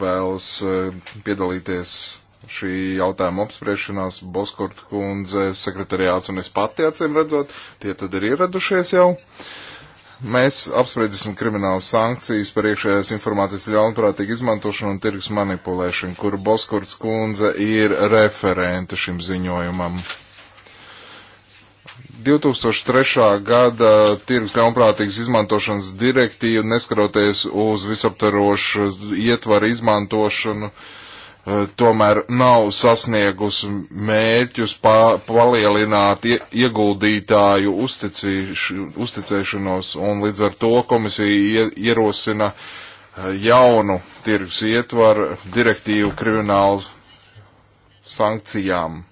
vēlas eh, piedalīties šī jautājuma apspriešanās Boskurt kundze sekretariāts un es pati acīm redzot, tie tad ir ieradušies jau. Mēs apspriedīsim kriminālas sankcijas par iekšējās informācijas ļaunprātīgu izmantošanu un tirgus manipulēšanu, kur Boskurts kundze ir referente šim ziņojumam. 2003. gada tirgus ļaunprātīgas izmantošanas direktīva, neskaroties uz visaptarošu ietvaru izmantošanu, eh, tomēr nav sasniegusi mērķus pa, palielināt ie, ieguldītāju uzticēšanos, un līdz ar to komisija ie, ierosina eh, jaunu tirgus ietvaru direktīvu kriminālu sankcijām.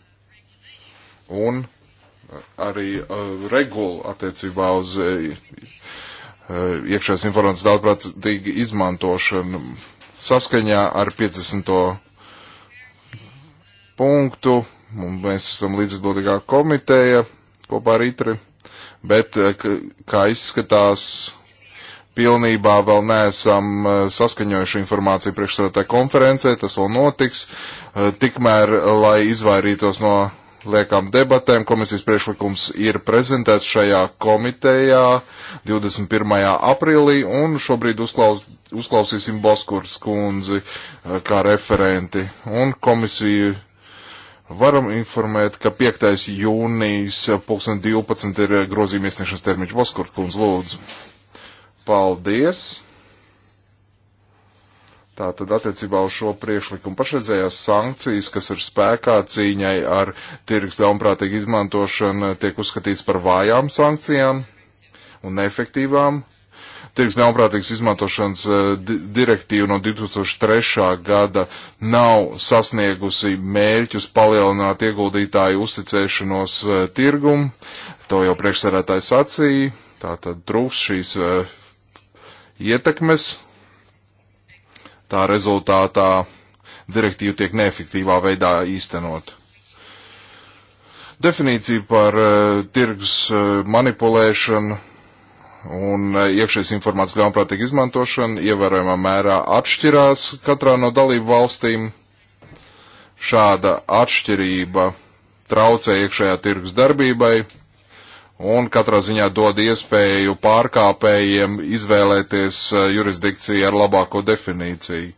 Un arī uh, regulu attiecībā uz uh, iekšējās informācijas daudzprātīgu izmantošanu saskaņā ar 50. punktu. Mēs esam līdzatbildīgā komiteja kopā ar ITRI, bet, kā izskatās, pilnībā vēl neesam saskaņojuši informāciju priekšsēdētāju konferencē, tas vēl notiks, tikmēr, lai izvairītos no liekām debatēm. Komisijas priekšlikums ir prezentēts šajā komitejā 21. aprīlī, un šobrīd uzklaus, uzklausīsim Boskurs kundzi eh, kā referenti. Un komisiju varam informēt, ka 5. jūnijas 2012 ir grozījuma iesniegšanas termiņš Boskurs kundz lūdzu. Paldies! Tātad attiecībā uz šo priekšlikumu pašreizējās sankcijas, kas ir spēkā cīņai ar tirgus ļaunprātīgu izmantošanu, tiek uzskatīts par vājām sankcijām un neefektīvām. Tirgus ļaunprātīgas izmantošanas eh, direktīva no 2003. gada nav sasniegusi mērķus palielināt ieguldītāju uzticēšanos eh, tirgumu. To jau priekšsarētājs sacīja. Tātad trūks šīs eh, ietekmes Tā rezultātā direktīva tiek neefektīvā veidā īstenot. Definīcija par uh, tirgus uh, manipulēšanu un eh, iekšējas informācijas ļaunprātīga izmantošana ievērojamā mērā atšķirās katrā no dalību valstīm. Šāda atšķirība traucē iekšējā tirgus darbībai, un katrā ziņā dod iespēju pārkāpējiem izvēlēties eh, jurisdikciju ar labāko definīciju.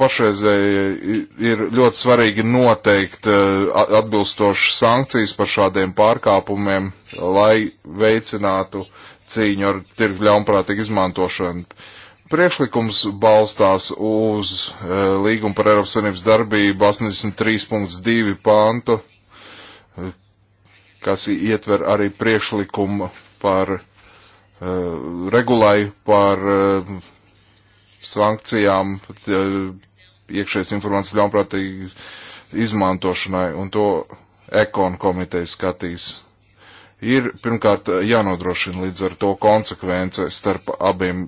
Pašreizēji ir ļoti svarīgi noteikt eh, atbilstošas sankcijas par šādiem pārkāpumiem, lai veicinātu cīņu ar tirgu ļaunprātīgu izmantošanu. Priekšlikums balstās uz e, eh, līgumu par Eiropas Savienības darbību 83.2 pāntu, kas ietver arī priekšlikumu par uh, eh, regulēju, par uh, sankcijām, uh, iekšējas informācijas ļaunprātīgi izmantošanai, un to ekon komiteja skatīs. Ir pirmkārt jānodrošina līdz ar to konsekvence starp abiem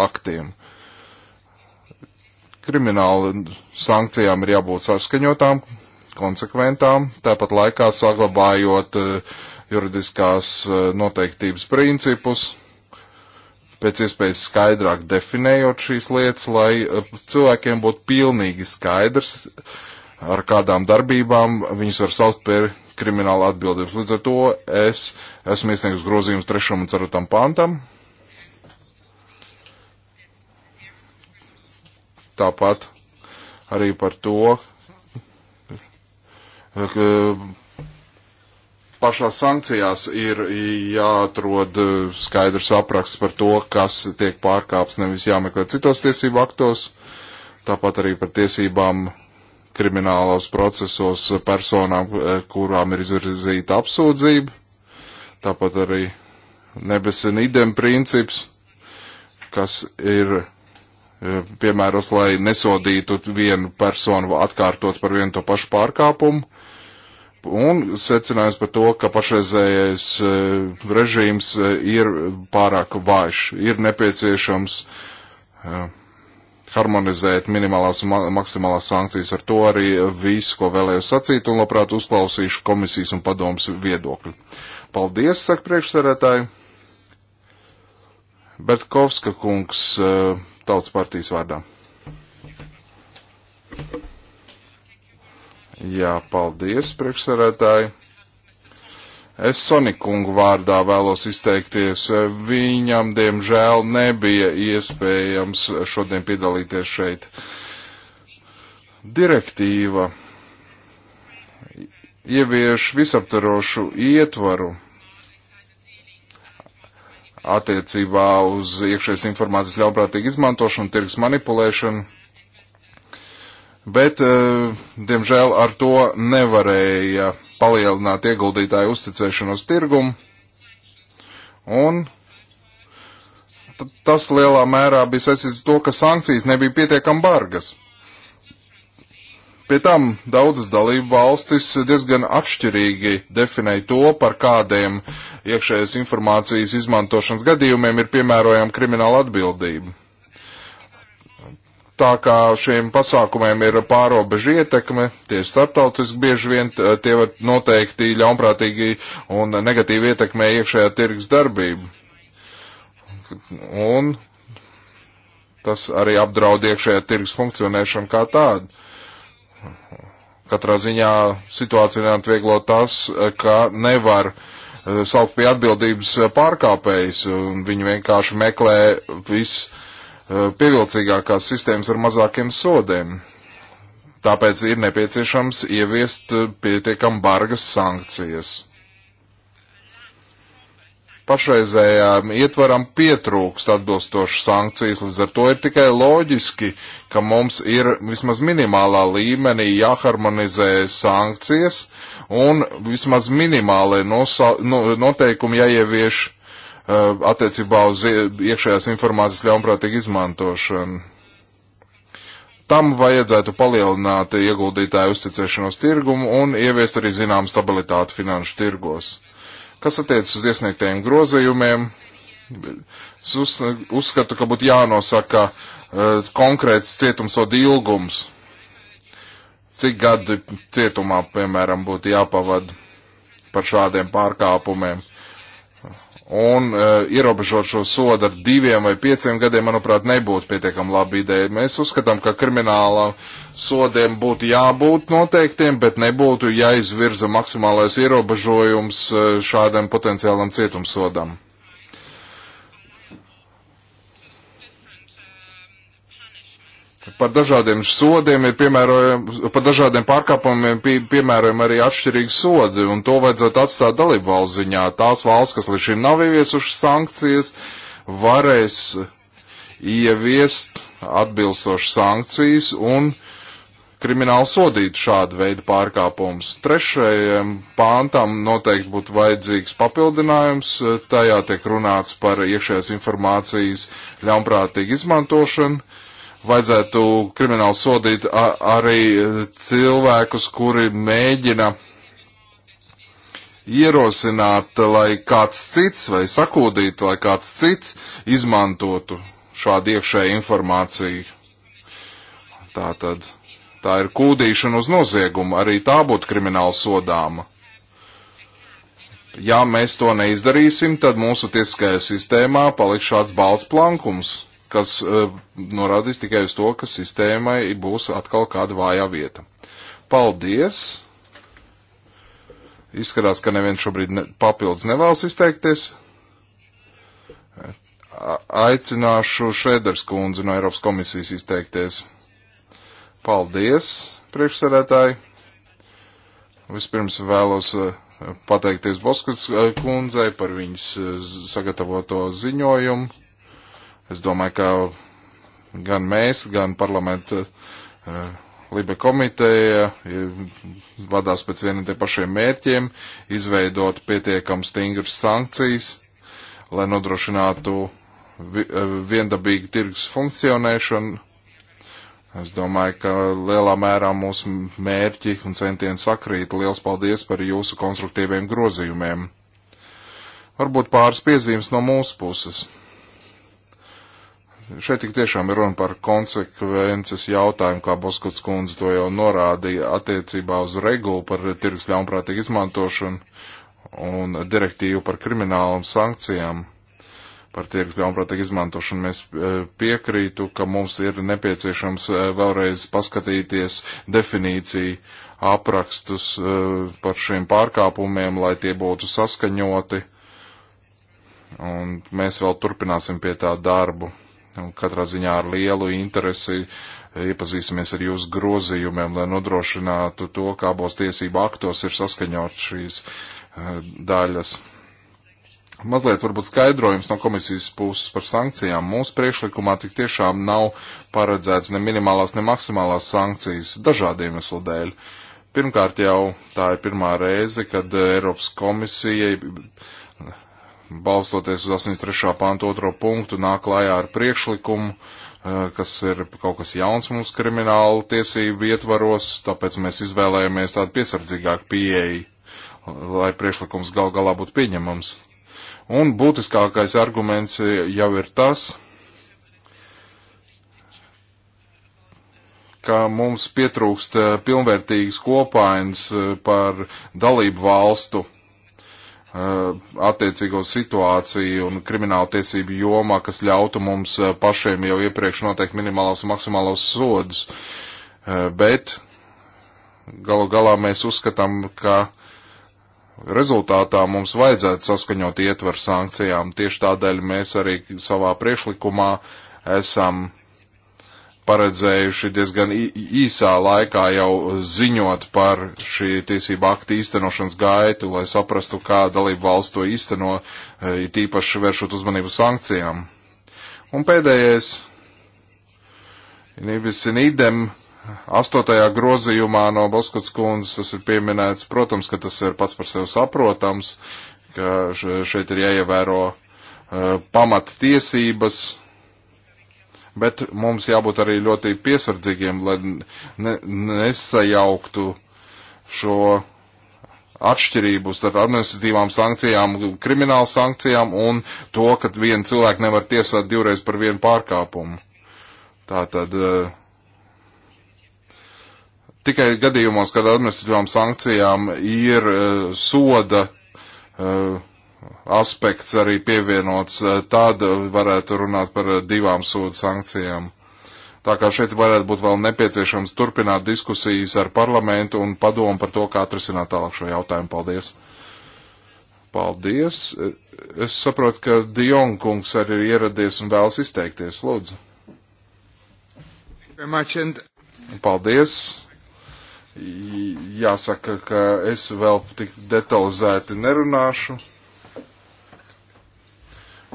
aktiem. Krimināla sankcijām ir jābūt saskaņotām, konsekventām, tāpat laikā saglabājot eh, juridiskās eh, noteiktības principus, pēc iespējas skaidrāk definējot šīs lietas, lai eh, cilvēkiem būtu pilnīgi skaidrs, ar kādām darbībām viņus var saukt par kriminālu atbildību. Līdz ar to es esmu iesniegus grozījums trešam un ceturtam pantam. Tāpat arī par to, E, pašā sankcijās ir jāatrod e, skaidrs apraksts par to, kas tiek pārkāps, nevis jāmeklē citos tiesību aktos, tāpat arī par tiesībām kriminālos procesos personām, e, kurām ir izvirzīta apsūdzība, tāpat arī nebesen idem princips, kas ir piemēros, lai nesodītu vienu personu atkārtot par vienu to pašu pārkāpumu, un secinājums par to, ka pašreizējais e, režīms e, ir pārāk vājš. Ir nepieciešams e, harmonizēt minimālās un maksimālās sankcijas. Ar to arī viss, ko vēlēju sacīt, un labprāt uzklausīšu komisijas un padomas viedokļu. Paldies, saka priekšsarētāji. Betkovska kungs tautas partijas vārdā. Jā, paldies, priekšsarētāji. Es Sonikungu vārdā vēlos izteikties. Viņam, diemžēl, nebija iespējams šodien piedalīties šeit. Direktīva ievieš visaptarošu ietvaru attiecībā uz iekšējas informācijas ļaunprātīgu izmantošanu, tirgus manipulēšanu bet, eh, diemžēl, ar to nevarēja palielināt ieguldītāju uzticēšanos uz tirgumu, un tas lielā mērā bija saistīts ar to, ka sankcijas nebija pietiekami bargas. Pie tam daudzas dalību valstis diezgan atšķirīgi definēja to, par kādiem iekšējas informācijas izmantošanas gadījumiem ir piemērojama krimināla atbildība tā kā šiem pasākumiem ir pārobežu ietekme, tieši starptautiski bieži vien tie var noteikti ļaunprātīgi un negatīvi ietekmē iekšējā tirgus darbību. Un tas arī apdraud iekšējā tirgus funkcionēšanu kā tādu. Katrā ziņā situācija nenāk vieglo tas, ka nevar eh, saukt pie atbildības eh, pārkāpējs, un viņi vienkārši meklē visu Eh, pievilcīgākās sistēmas ar mazākiem sodiem. Tāpēc ir nepieciešams ieviest eh, pietiekam bargas sankcijas. Pašreizējām ietvaram pietrūkst atbilstošas sankcijas, līdz ar to ir tikai loģiski, ka mums ir vismaz minimālā līmenī jāharmonizē sankcijas un vismaz minimālai noteikumi jāievieš Uh, attiecībā uz iekšējās informācijas ļaunprātīgu izmantošanu. Tam vajadzētu palielināt ieguldītāju uzticēšanos tirgumu un ieviest arī zinām stabilitāti finanšu tirgos. Kas attiecas uz iesniegtajiem grozījumiem, es uzskatu, ka būtu jānosaka uh, konkrēts cietumsodu ilgums, cik gadi cietumā, piemēram, būtu jāpavada par šādiem pārkāpumiem Un uh, ierobežot šo sodu ar diviem vai pieciem gadiem, manuprāt, nebūtu pietiekami laba ideja. Mēs uzskatām, ka krimināla sodiem būtu jābūt noteiktiem, bet nebūtu jāizvirza maksimālais ierobežojums uh, šādam potenciālam cietumsodam. Par dažādiem sodiem ir piemērojami, par dažādiem pārkāpumiem pie, piemērojami arī atšķirīgi sodi, un to vajadzētu atstāt dalību valsts ziņā. Tās valsts, kas līdz šim nav ieviesušas sankcijas, varēs ieviest atbilstošas sankcijas un krimināli sodīt šādu veidu pārkāpumus. Trešajam pāntam noteikti būtu vajadzīgs papildinājums. Tajā tiek runāts par iekšējās informācijas ļaunprātīgu izmantošanu vajadzētu krimināli sodīt arī e, cilvēkus, kuri mēģina ierosināt, lai kāds cits vai sakūdīt, lai kāds cits izmantotu šādu iekšēju informāciju. Tā tad, tā ir kūdīšana uz noziegumu, arī tā būtu krimināli sodāma. Ja mēs to neizdarīsim, tad mūsu tiesiskajā sistēmā paliks šāds balts plankums kas eh, norādīs tikai uz to, ka sistēmai būs atkal kāda vājā vieta. Paldies! Izskatās, ka neviens šobrīd ne, papildus nevēlas izteikties. Aicināšu Šēders kundzi no Eiropas komisijas izteikties. Paldies, priekšsēdētāji! Vispirms vēlos eh, pateikties Boskats eh, kundzei par viņas sagatavoto ziņojumu Es domāju, ka gan mēs, gan parlamenta eh, Libe komiteja vadās pēc vieniem tie pašiem mērķiem - izveidot pietiekam stingras sankcijas, lai nodrošinātu eh, viendabīgu tirgus funkcionēšanu. Es domāju, ka lielā mērā mūsu mērķi un centieni sakrīt. Liels paldies par jūsu konstruktīviem grozījumiem. Varbūt pāris piezīmes no mūsu puses. Šeit tik tiešām ir runa par konsekvences jautājumu, kā Boskots kundze to jau norādīja attiecībā uz regulu par tirgus ļaunprātīgu izmantošanu un direktīvu par kriminālam sankcijām. Par tirgus ļaunprātīgu izmantošanu mēs e, piekrītu, ka mums ir nepieciešams e, vēlreiz paskatīties definīciju aprakstus e, par šiem pārkāpumiem, lai tie būtu saskaņoti. Un mēs vēl turpināsim pie tā darbu Un katrā ziņā ar lielu interesi iepazīsimies ar jūsu grozījumiem, lai nodrošinātu to, kā abos tiesību aktos ir saskaņot šīs eh, daļas. Mazliet varbūt skaidrojums no komisijas puses par sankcijām. Mūsu priekšlikumā tik tiešām nav paredzēts ne minimālās, ne maksimālās sankcijas dažādiem iemeslu dēļ. Pirmkārt jau tā ir pirmā reize, kad Eiropas komisija balstoties uz 83. pantu otro punktu, nāk klājā ar priekšlikumu, eh, kas ir kaut kas jauns mums kriminālu tiesību ietvaros, tāpēc mēs izvēlējāmies tādu piesardzīgāku pieeju, lai priekšlikums gal galā būtu pieņemams. Un būtiskākais arguments eh, jau ir tas, ka mums pietrūkst eh, pilnvērtīgas kopainas par dalību valstu Eh, attiecīgo situāciju un kriminālu tiesību jomā, kas ļautu mums eh, pašiem jau iepriekš noteikt minimālos un maksimālos sodus. Eh, bet galu galā mēs uzskatām, ka rezultātā mums vajadzētu saskaņot ietver sankcijām. Tieši tādēļ mēs arī savā priekšlikumā esam uh, paredzējuši diezgan īsā laikā jau ziņot par šī tiesība akta īstenošanas gaitu, lai saprastu, kā dalību valsts to īsteno, e, it īpaši vēršot uzmanību sankcijām. Un pēdējais, Nibis in idem, astotajā grozījumā no Boskots kundzes tas ir pieminēts, protams, ka tas ir pats par sevi saprotams, ka šeit ir jāievēro uh, e, pamat tiesības, bet mums jābūt arī ļoti piesardzīgiem, lai ne, nesajauktu šo atšķirību starp administratīvām sankcijām, kriminālu sankcijām un to, ka viena cilvēka nevar tiesāt divreiz par vienu pārkāpumu. Tā tad eh, tikai gadījumos, kad administratīvām sankcijām ir eh, soda eh, aspekts arī pievienots, eh, tad varētu runāt par eh, divām sodu sankcijām. Tā kā šeit varētu būt vēl nepieciešams turpināt diskusijas ar parlamentu un padomu par to, kā atrisināt tālāk šo jautājumu. Paldies! Paldies! Eh, es saprotu, ka Dionkungs arī ir ieradies un vēlas izteikties. Lūdzu! Paldies! Jāsaka, ka es vēl tik detalizēti nerunāšu.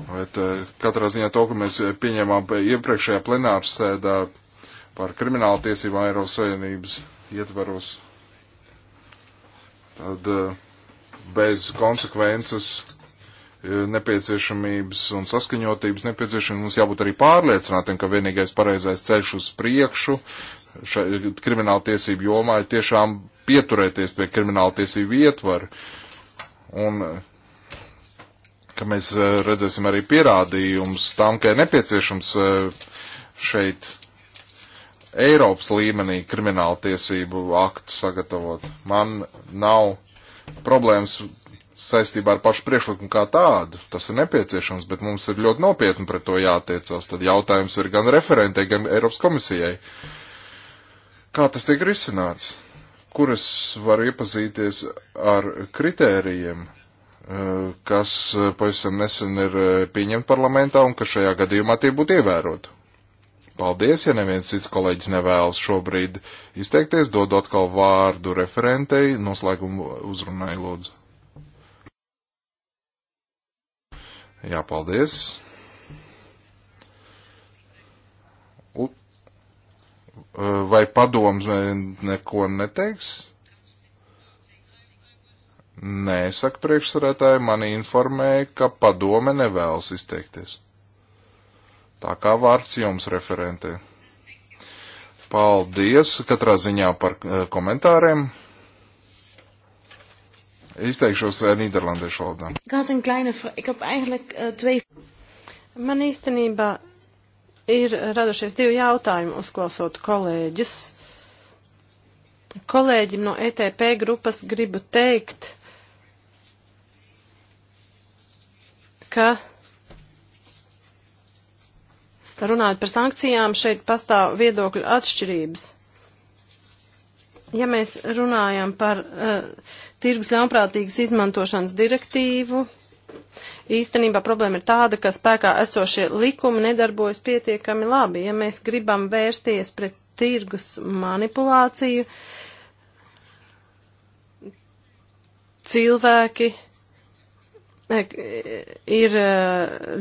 Bet eh, katrā ziņā to, ko mēs pieņēmām iepriekšējā plenāru sēdā par kriminālu tiesību Eiropas Savienības ietvaros, tad eh, bez konsekvences eh, nepieciešamības un saskaņotības nepieciešamības mums jābūt arī pārliecinātiem, ka vienīgais pareizais ceļš uz priekšu krimināla tiesību jomā ir tiešām pieturēties pie krimināla tiesību ietvaru un ka mēs e, redzēsim arī pierādījumus tam, ka ir nepieciešams e, šeit Eiropas līmenī krimināla tiesību aktu sagatavot. Man nav problēmas saistībā ar pašu priekšlikumu kā tādu. Tas ir nepieciešams, bet mums ir ļoti nopietni pret to jātiecās. Tad jautājums ir gan referentei, gan Eiropas komisijai. Kā tas tiek risināts? Kur es varu iepazīties ar kritērijiem, Eh, kas eh, pavisam nesen ir eh, pieņemta parlamentā un ka šajā gadījumā tie būtu ievēroti. Paldies, ja neviens cits kolēģis nevēlas šobrīd izteikties, dod atkal vārdu referentei, noslēgumu uzrunai lūdzu. Jā, paldies. U, vai padoms neko neteiks? Nē, saka priekšsarētāji, mani informēja, ka padome nevēlas izteikties. Tā kā vārds jums referentē. Paldies katrā ziņā par eh, komentāriem. Izteikšos eh, Nīderlandiešu valodā. Eh, Man īstenībā ir radušies divi jautājumi, uzklausot kolēģis. Kolēģim no ETP grupas gribu teikt, ka runājot par sankcijām, šeit pastāv viedokļu atšķirības. Ja mēs runājam par uh, tirgus ļaunprātīgas izmantošanas direktīvu, īstenībā problēma ir tāda, ka spēkā esošie likumi nedarbojas pietiekami labi. Ja mēs gribam vērsties pret tirgus manipulāciju, cilvēki ir e,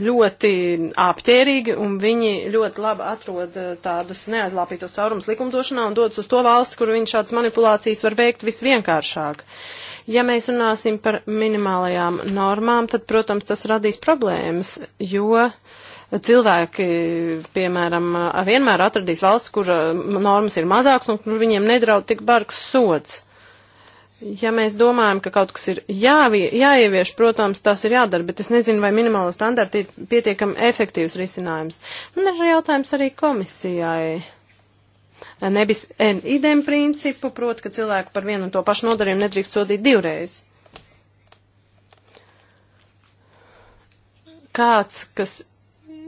ļoti aptērīgi un viņi ļoti labi atrod e, tādus neaizlāpītos caurumus likumdošanā un dodas uz to valsti, kur viņi šādas manipulācijas var veikt visvienkāršāk. Ja mēs runāsim par minimālajām normām, tad, protams, tas radīs problēmas, jo cilvēki, piemēram, vienmēr atradīs valsts, kur normas ir mazākas un kur viņiem nedraud tik bargs sods ja mēs domājam, ka kaut kas ir jāvie, jāievieš, protams, tas ir jādara, bet es nezinu, vai minimāla standarta ir pietiekami efektīvs risinājums. Man ir jautājums arī komisijai. Nebis en idem principu, proti, ka cilvēku par vienu un to pašu nodarījumu nedrīkst sodīt divreiz. Kāds, kas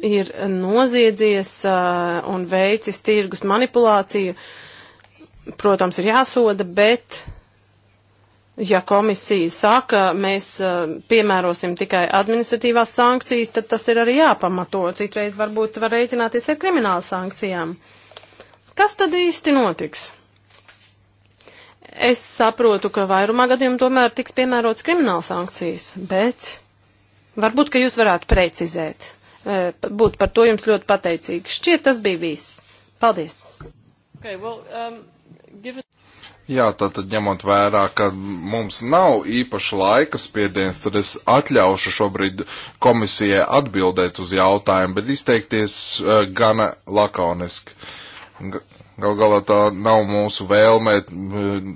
ir noziedzies uh, un veicis tirgus manipulāciju, protams, ir jāsoda, bet Ja komisija saka, mēs uh, piemērosim tikai administratīvās sankcijas, tad tas ir arī jāpamato. Citreiz varbūt var rēķināties ar kriminālu sankcijām. Kas tad īsti notiks? Es saprotu, ka vairumā gadījumu tomēr tiks piemērots krimināla sankcijas, bet varbūt, ka jūs varētu precizēt. Būt par to jums ļoti pateicīgi. Šķiet, tas bija viss. Paldies. Okay, well, um, given... Jā, tātad ņemot vērā, ka mums nav īpaši laika spiediens, tad es atļaušu šobrīd komisijai atbildēt uz jautājumu, bet izteikties uh, gana lakoniski. Gal galā tā nav mūsu vēlme uh,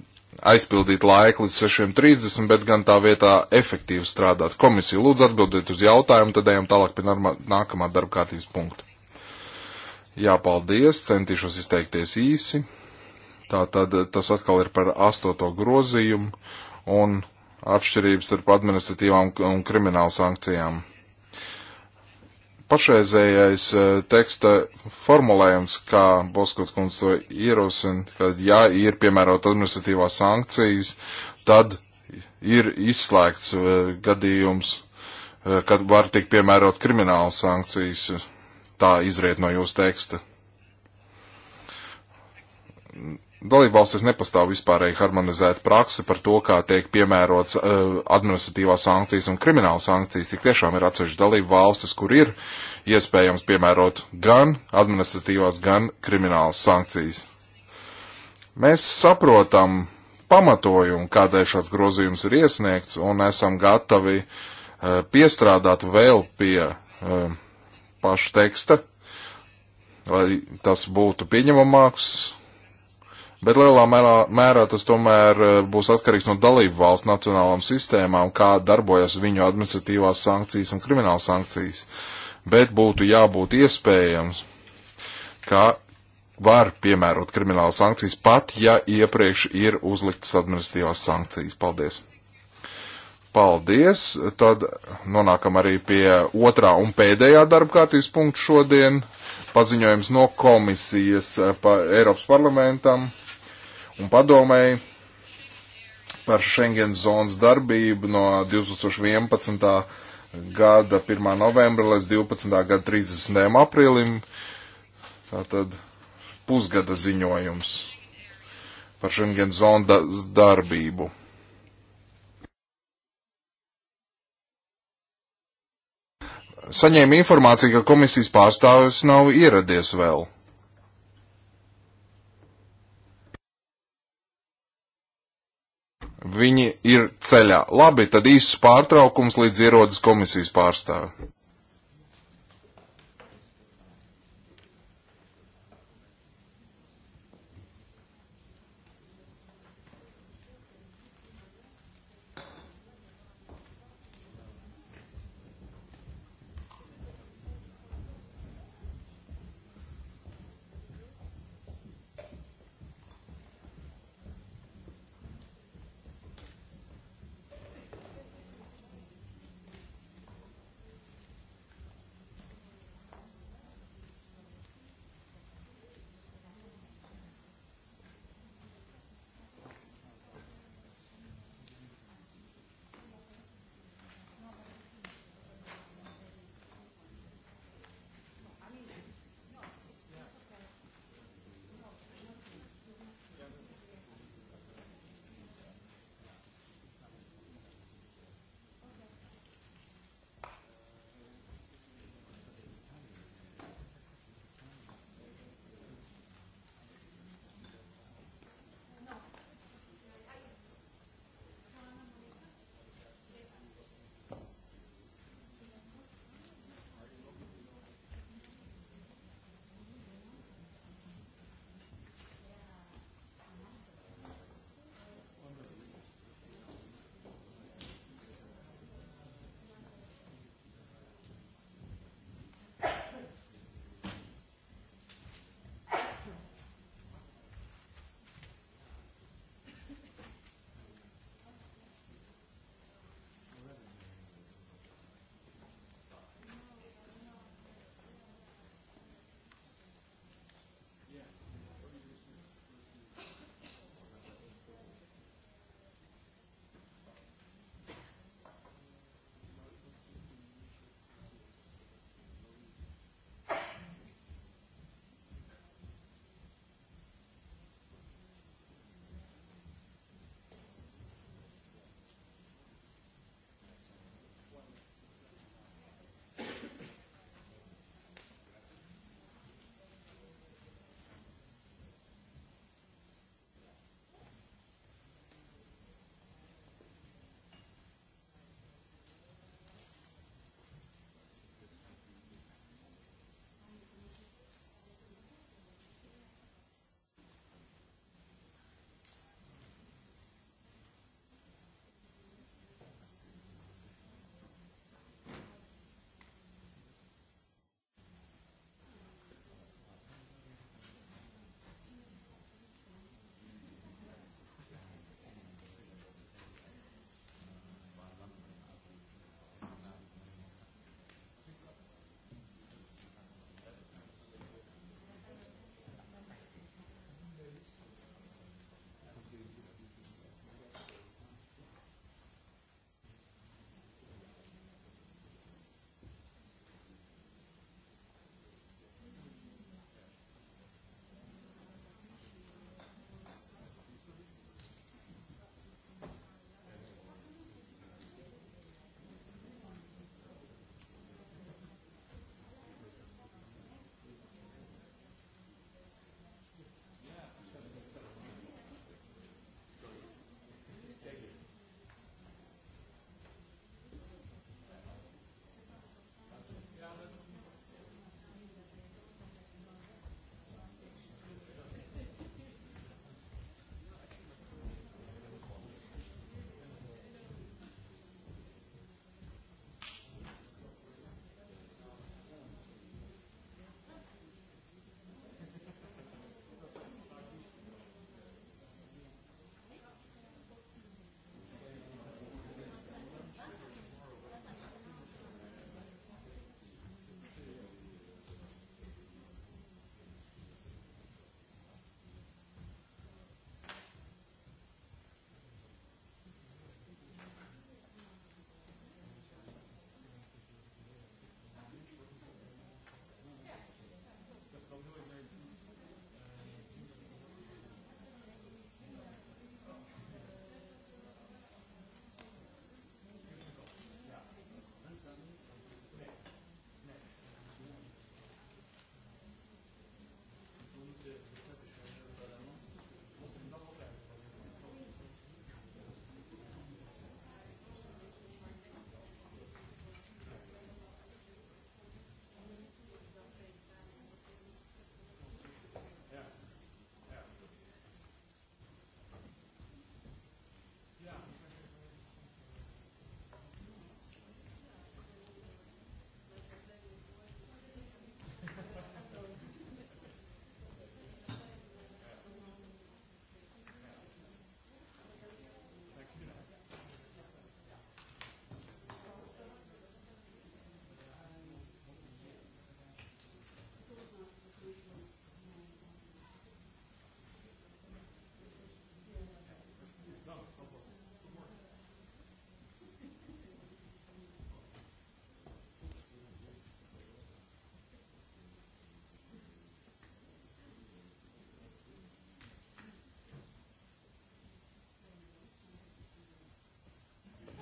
aizpildīt laiku līdz 6.30, bet gan tā vietā efektīvi strādāt. Komisija lūdzu atbildēt uz jautājumu, tad ejam tālāk pie norma, nākamā darba kārtības punkta. Jā, paldies, centīšos izteikties īsi Tātad tas atkal ir par astoto grozījumu un atšķirības starp administratīvām un kriminālu sankcijām. Pašreizējais eh, teksta formulējums, kā Boskots kundze to ierosina, kad ja ir piemērot administratīvās sankcijas, tad ir izslēgts eh, gadījums, eh, kad var tikt piemērot kriminālas sankcijas. Tā izriet no jūsu teksta Dalībvalstis nepastāv vispārēji harmonizēta praksa par to, kā tiek piemērots uh, administratīvās sankcijas un krimināla sankcijas. Tik tiešām ir atsevišķi dalību valstis, kur ir iespējams piemērot gan administratīvās, gan kriminālas sankcijas. Mēs saprotam pamatojumu, kādēļ šāds grozījums ir iesniegts, un esam gatavi uh, piestrādāt vēl pie uh, paša teksta, lai tas būtu pieņemamāks Bet lielā mērā, mērā tas tomēr eh, būs atkarīgs no dalību valsts nacionālām sistēmām, kā darbojas viņu administratīvās sankcijas un krimināla sankcijas. Bet būtu jābūt iespējams, ka var piemērot krimināla sankcijas pat, ja iepriekš ir uzliktas administratīvās sankcijas. Paldies! Paldies! Tad nonākam arī pie otrā un pēdējā darba kārtības punkta šodien. Paziņojums no komisijas eh, pa Eiropas parlamentam un padomēji par Schengen zonas darbību no 2011. gada 1. novembra līdz 12. gada 30. aprīlim. Tātad pusgada ziņojums par Schengen zonu da darbību. Saņēma informāciju, ka komisijas pārstāvis nav ieradies vēl. Viņi ir ceļā. Labi, tad īsts pārtraukums līdz ierodas komisijas pārstāvi.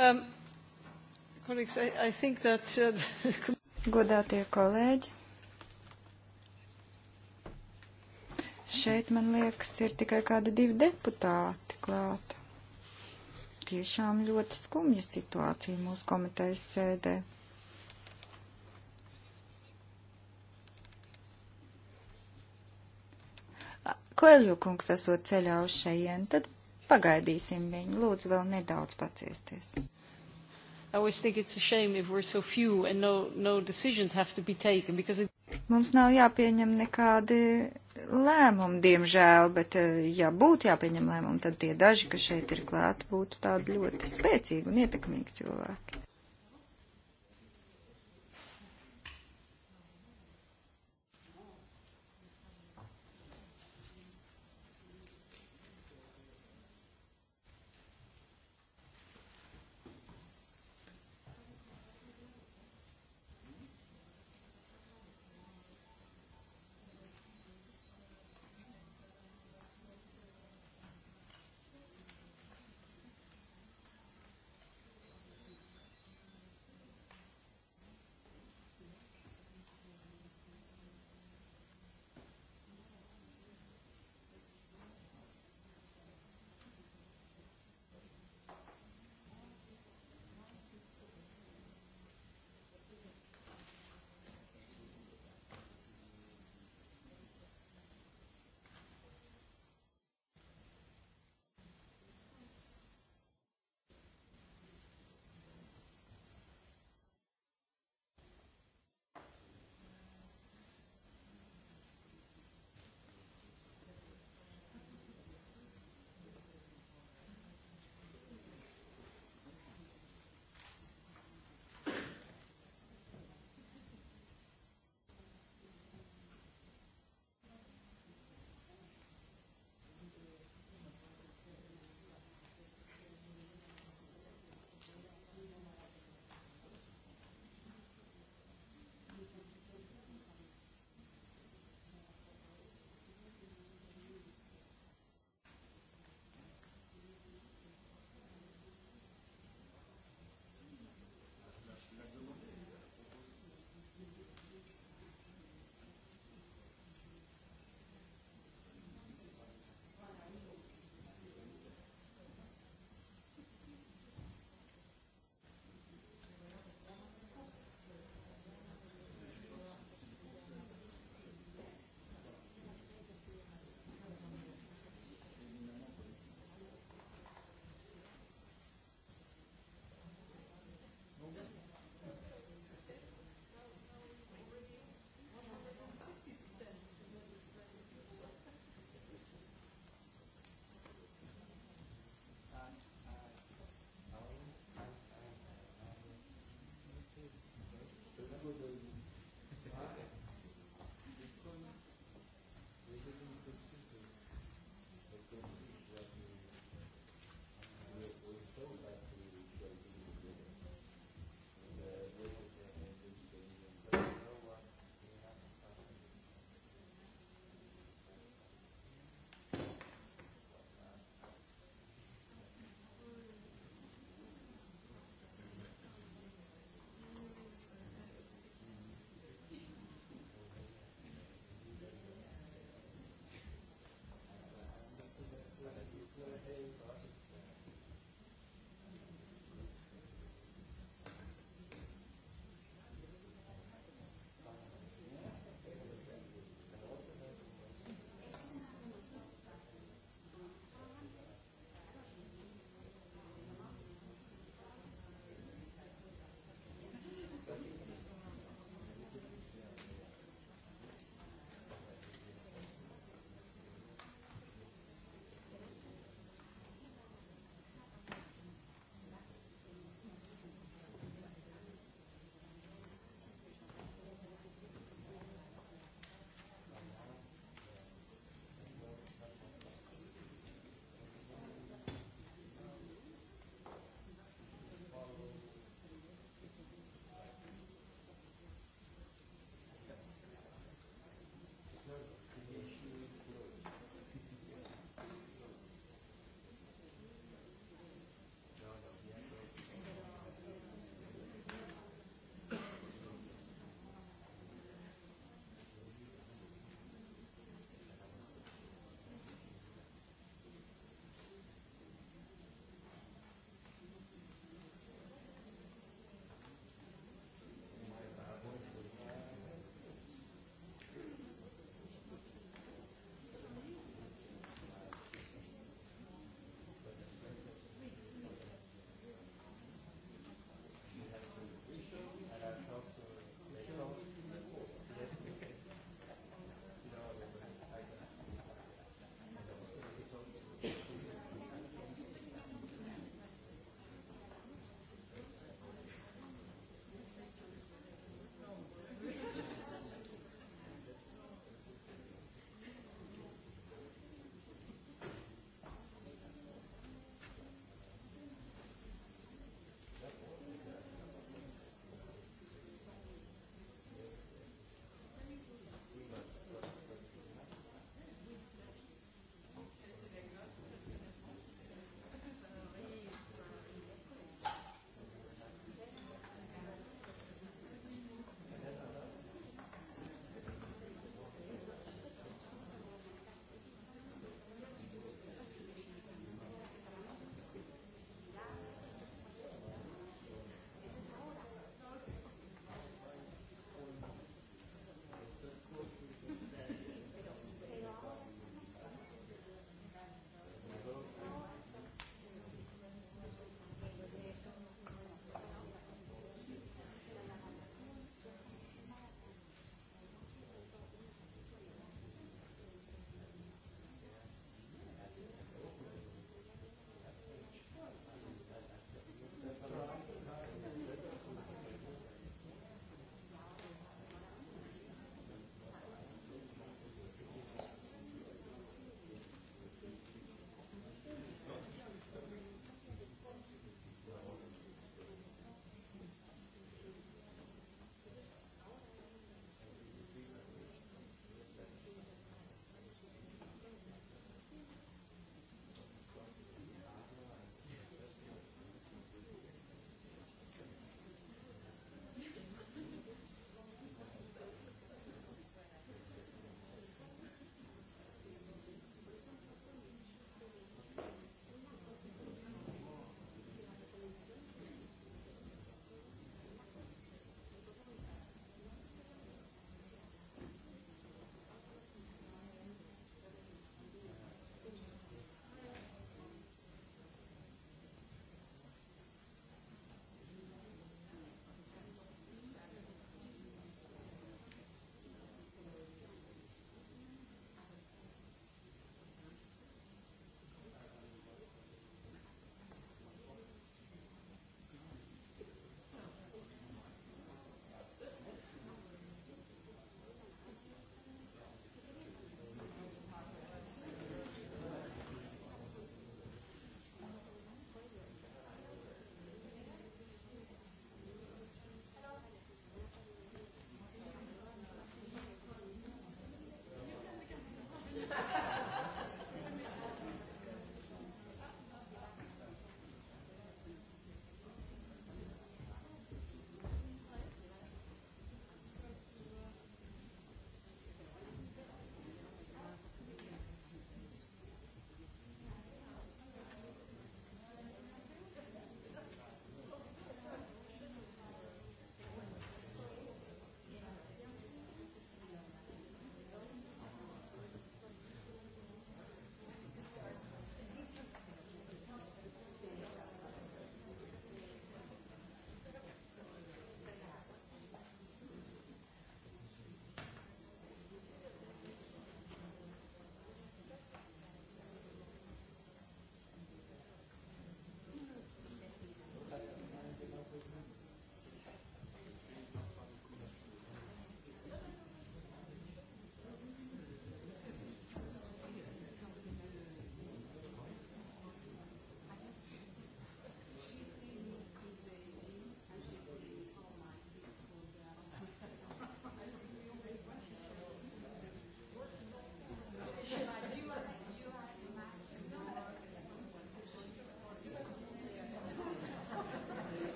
Um, colleagues, I, I think that... Uh, Godātie kolēģi, šeit, man liekas, ir tikai kādi divi deputāti klāt. Tiešām ļoti skumja situācija mūsu komitejas sēdē. Koeļu kungs esot ceļā uz šajien, tad Pagaidīsim viņu, lūdzu vēl nedaudz paciesties. I always think it's a shame if we're so few and no, no decisions have to be taken because it... Mums nav jāpieņem nekādi lēmumi, diemžēl, bet eh, ja būtu jāpieņem lēmumi, tad tie daži, kas šeit ir klāt, būtu tādi ļoti spēcīgi un ietekmīgi cilvēki.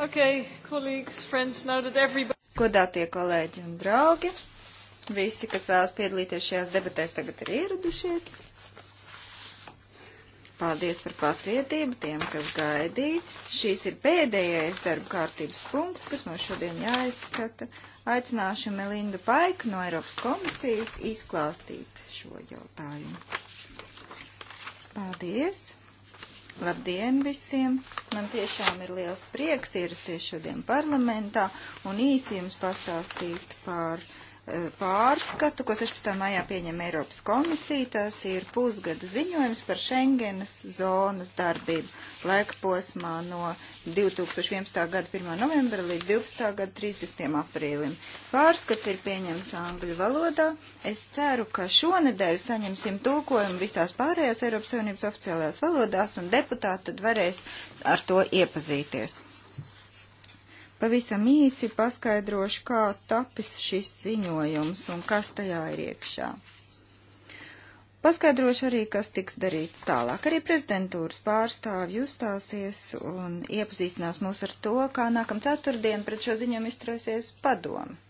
Okay, colleagues, friends, now that everybody... Godātie kolēģi un draugi, visi, kas vēlas piedalīties šajās debatēs, tagad ir ieradušies. Paldies par pacietību tiem, kas gaidīja. Šīs ir pēdējais darba kārtības punkts, kas mums šodien jāizskata. Aicināšu Melindu Paiku no Eiropas komisijas izklāstīt šo jautājumu. Paldies! Labdien visiem! Man tiešām ir liels prieks ierasties šodien parlamentā un īsi jums pastāstīt par uh, pārskatu, ko 16. maijā pieņem Eiropas komisija. Tas ir pusgada ziņojums par Schengenas zonas darbību laika posmā no 2011. gada 1. novembra līdz 12. gada 30. aprīlim. Pārskats ir pieņemts angļu valodā. Es ceru, ka šonedēļ saņemsim tulkojumu visās pārējās Eiropas Savienības oficiālajās valodās un deputāti tad varēs ar to iepazīties. Pavisam īsi paskaidrošu, kā tapis šis ziņojums un kas tajā ir iekšā. Paskaidrošu arī, kas tiks darīts tālāk. Arī prezidentūras pārstāvji uzstāsies un iepazīstinās mūs ar to, kā nākam ceturtdien pret šo ziņojumu izturēsies padomu.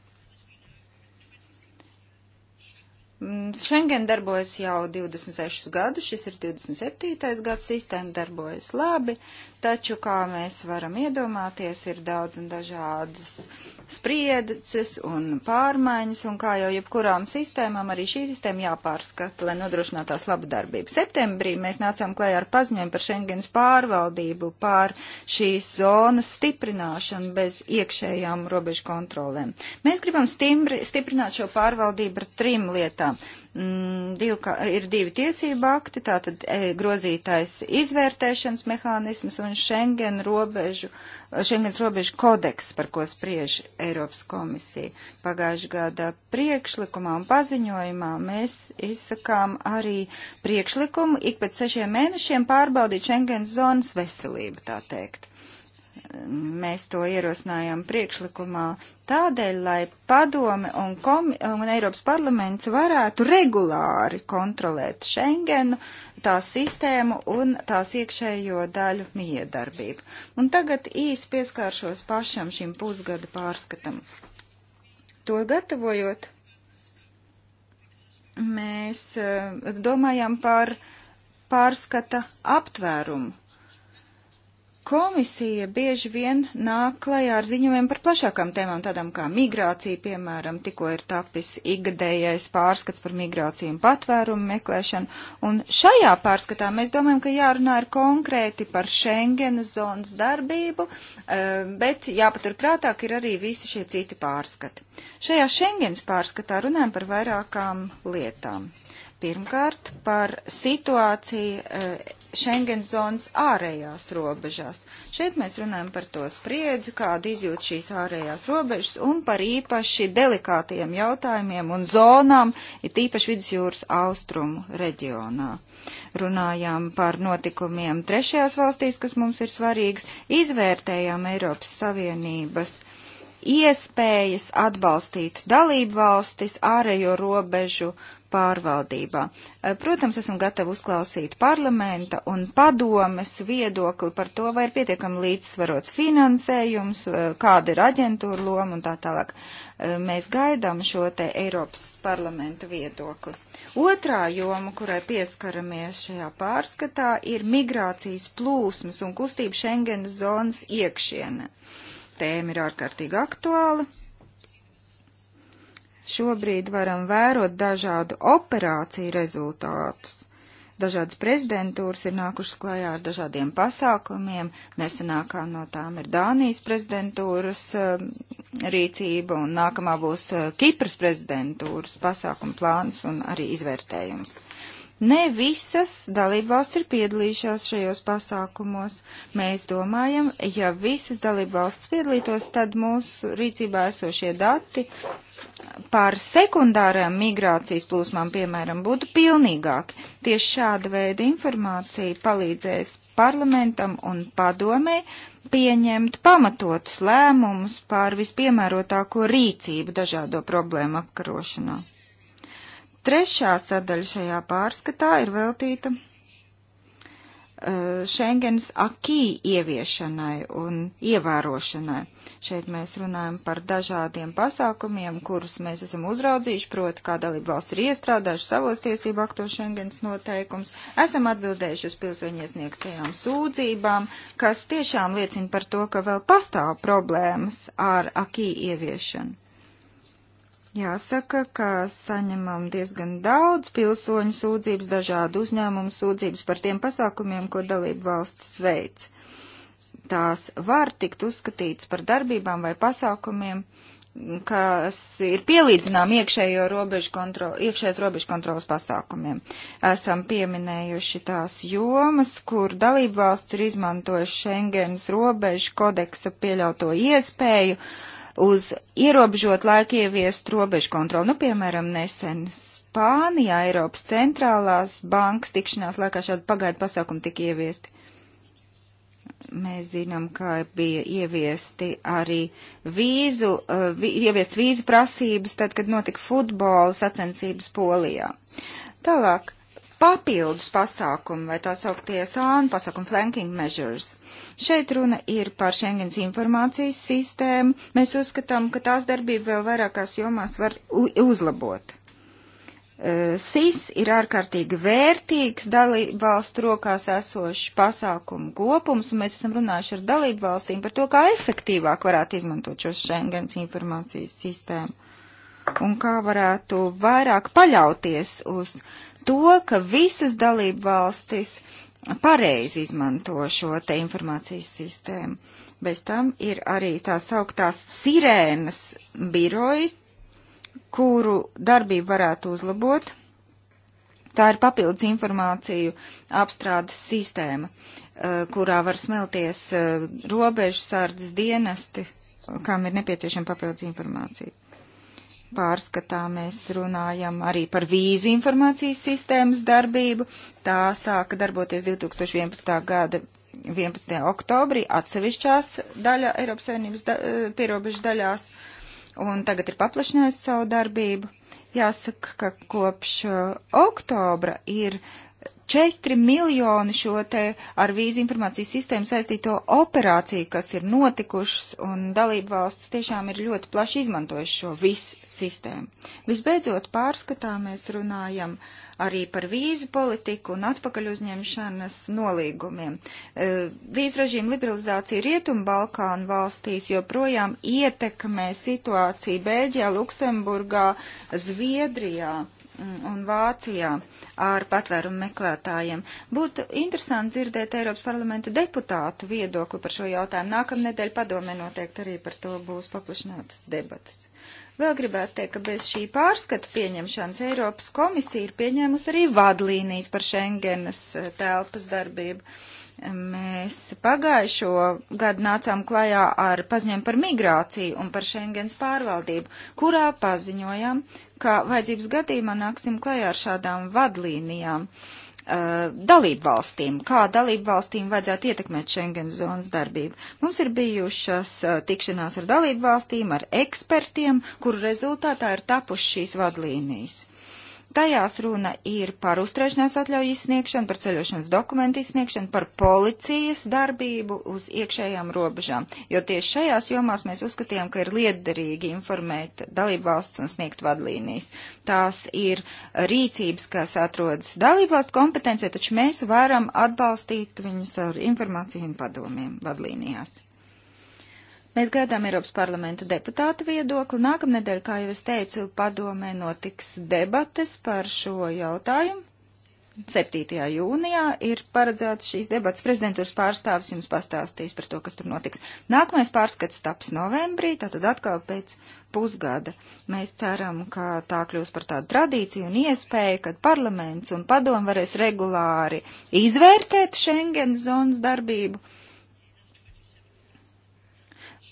Mm, Schengen darbojas jau 26 gadus, šis ir 27. gads, sistēma darbojas labi, taču, kā mēs varam iedomāties, ir daudz un dažādas spriedzes un pārmaiņas, un kā jau jebkurām sistēmām, arī šī sistēma jāpārskata, lai nodrošinātu tās labu darbību. Septembrī mēs nācām klējā ar paziņojumu par Schengens pārvaldību, pār šīs zonas stiprināšanu bez iekšējām robežu kontrolēm. Mēs gribam stimbri, stiprināt šo pārvaldību ar trim lietām mm, div, ir divi tiesība akti, tātad e, grozītais izvērtēšanas mehānisms un Schengen robežu, Schengens robežu kodeks, par ko spriež Eiropas komisija. Pagājušā gada priekšlikumā un paziņojumā mēs izsakām arī priekšlikumu ik pēc sešiem mēnešiem pārbaudīt Schengens zonas veselību, tā teikt. Mēs to ierosinājām priekšlikumā tādēļ, lai padome un, komi, un Eiropas parlaments varētu regulāri kontrolēt Schengenu, tās sistēmu un tās iekšējo daļu miedarbību. Un tagad īsi pieskāršos pašam šim pusgada pārskatam. To gatavojot, mēs eh, domājam par pārskata aptvērumu Komisija bieži vien nāk klajā ar ziņojumiem par plašākām tēmām, tādām kā migrācija, piemēram, tikko ir tapis ikgadējais pārskats par migrāciju un patvērumu meklēšanu. Un šajā pārskatā mēs domājam, ka jārunā ir konkrēti par Schengenas zonas darbību, eh, bet jāpaturprātāk ir arī visi šie citi pārskati. Šajā Schengenas pārskatā runājam par vairākām lietām. Pirmkārt, par situāciju eh, Schengen zonas ārējās robežās. Šeit mēs runājam par to spriedzi, kādu izjūt šīs ārējās robežas un par īpaši delikātiem jautājumiem un zonām, ir tīpaši vidusjūras austrumu reģionā. Runājām par notikumiem trešajās valstīs, kas mums ir svarīgas, izvērtējām Eiropas Savienības iespējas atbalstīt dalību valstis ārējo robežu pārvaldībā. Eh, protams, esam gatavi uzklausīt parlamenta un padomes viedokli par to, vai ir pietiekami līdzsvarots finansējums, eh, kāda ir aģentūra loma un tā tālāk. Eh, mēs gaidām šo te Eiropas parlamenta viedokli. Otrā joma, kurai pieskaramies šajā pārskatā, ir migrācijas plūsmas un kustība Schengenas zonas iekšiena. Tēma ir ārkārtīgi aktuāla Šobrīd varam vērot dažādu operāciju rezultātus. Dažādas prezidentūras ir nākušas klajā ar dažādiem pasākumiem. Nesenākā no tām ir Dānijas prezidentūras um, rīcība un nākamā būs uh, Kipras prezidentūras pasākuma plāns un arī izvērtējums. Ne visas dalībvalsts ir piedalījušās šajos pasākumos. Mēs domājam, ja visas dalībvalsts piedalītos, tad mūsu rīcībā esošie dati par sekundārām migrācijas plūsmām, piemēram, būtu pilnīgāki. Tieši šāda veida informācija palīdzēs parlamentam un padomē pieņemt pamatotus lēmumus par vispiemērotāko rīcību dažādo problēmu apkarošanā. Trešā sadaļa šajā pārskatā ir veltīta Eh, Schengens akī ieviešanai un ievērošanai. Šeit mēs runājam par dažādiem pasākumiem, kurus mēs esam uzraudzījuši, proti, kā dalība valsts ir iestrādājuši savos tiesību aktos Schengens noteikums. Esam atbildējuši uz pilsēņu iesniegtajām sūdzībām, kas tiešām liecina par to, ka vēl pastāv problēmas ar akī ieviešanu. Jāsaka, ka saņemam diezgan daudz pilsoņu sūdzības, dažādu uzņēmumu sūdzības par tiem pasākumiem, ko dalību valstis veic. Tās var tikt uzskatītas par darbībām vai pasākumiem, kas ir pielīdzinām iekšējo robežu kontroli, iekšējās robežu kontrolas pasākumiem. Esam pieminējuši tās jomas, kur dalībvalsts ir izmantojuši Schengens robežu kodeksa pieļauto iespēju uh, uz ierobežot laiku ieviest robežu kontroli. Nu, piemēram, nesen Spānijā Eiropas centrālās bankas tikšanās laikā šādi pagaidu pasākumi tika ieviesti. Mēs zinām, ka bija ieviesti arī vīzu, uh, ieviest vīzu prasības, tad, kad notika futbola sacensības Polijā. Tālāk, papildus pasākumi vai tā sauktie sānu pasākumi, flanking measures. Šeit runa ir par Schengens informācijas sistēmu. Mēs uzskatām, ka tās darbība vēl vairākās jomās var uzlabot. E, SIS ir ārkārtīgi vērtīgs dalību valstu rokās esošs pasākumu kopums, un mēs esam runājuši ar dalību valstīm par to, kā efektīvāk varētu izmantot šo Schengens informācijas sistēmu un kā varētu vairāk paļauties uz to, ka visas dalību valstis pareizi izmanto šo te informācijas sistēmu. Bez tam ir arī tās augtās sirēnas biroji, kuru darbību varētu uzlabot. Tā ir papildus informāciju apstrādes sistēma, eh, kurā var smelties eh, robežu sārdzes dienesti, kam ir nepieciešama papildus informācija pārskatā mēs runājam arī par vīzu informācijas sistēmas darbību. Tā sāka darboties 2011. gada 11. oktobrī atsevišķās daļa Eiropas Savienības da, eh, pierobežu daļās, un tagad ir paplašinājusi savu darbību. Jāsaka, ka kopš eh, oktobra ir 4 miljoni šo te ar vīzu informācijas sistēmu saistīto operāciju, kas ir notikušas, un dalību valsts tiešām ir ļoti plaši izmantojuši šo visu sistēmu. Visbeidzot, pārskatā mēs runājam arī par vīzu politiku un atpakaļ uzņemšanas nolīgumiem. E, vīzu režīmu liberalizācija Rietumbalkānu valstīs joprojām ietekmē situāciju Bēļģijā, Luksemburgā, Zviedrijā un Vācijā ar patvērumu meklētājiem. Būtu interesanti dzirdēt Eiropas parlamenta deputātu viedokli par šo jautājumu. Nākamnedēļ padomē noteikti arī par to būs paplašinātas debatas. Vēl gribētu teikt, ka bez šī pārskata pieņemšanas Eiropas komisija ir pieņēmusi arī vadlīnijas par Schengenas eh, telpas darbību. Uh, Mēs pagājušo gadu nācām klajā ar paziņojumu par migrāciju un par Schengens pārvaldību, kurā paziņojām, ka vajadzības gadījumā nāksim klajā ar šādām vadlīnijām uh, dalību valstīm, kā dalību valstīm vajadzētu ietekmēt Schengen zonas darbību. Mums ir bijušas uh, tikšanās ar dalību valstīm, ar ekspertiem, kuru rezultātā ir tapušas šīs vadlīnijas. Tajās runa ir par uzturēšanās atļauju izsniegšanu, par ceļošanas dokumentu izsniegšanu, par policijas darbību uz iekšējām robežām, jo tieši šajās jomās mēs uzskatījām, ka ir liederīgi informēt dalību valsts un sniegt vadlīnijas. Tās ir rīcības, kas atrodas dalību valstu kompetencija, taču mēs varam atbalstīt viņus ar informāciju un padomiem vadlīnijās. Mēs gaidām Eiropas parlamenta deputātu viedokli. Nākamnedēļ, kā jau es teicu, padomē notiks debates par šo jautājumu. 7. jūnijā ir paredzēts šīs debats. Prezidentūras pārstāvis jums pastāstīs par to, kas tur notiks. Nākamais pārskats taps novembrī, tātad atkal pēc pusgada. Mēs ceram, ka tā kļūs par tādu tradīciju un iespēju, kad parlaments un padomu varēs regulāri izvērtēt Schengen zonas darbību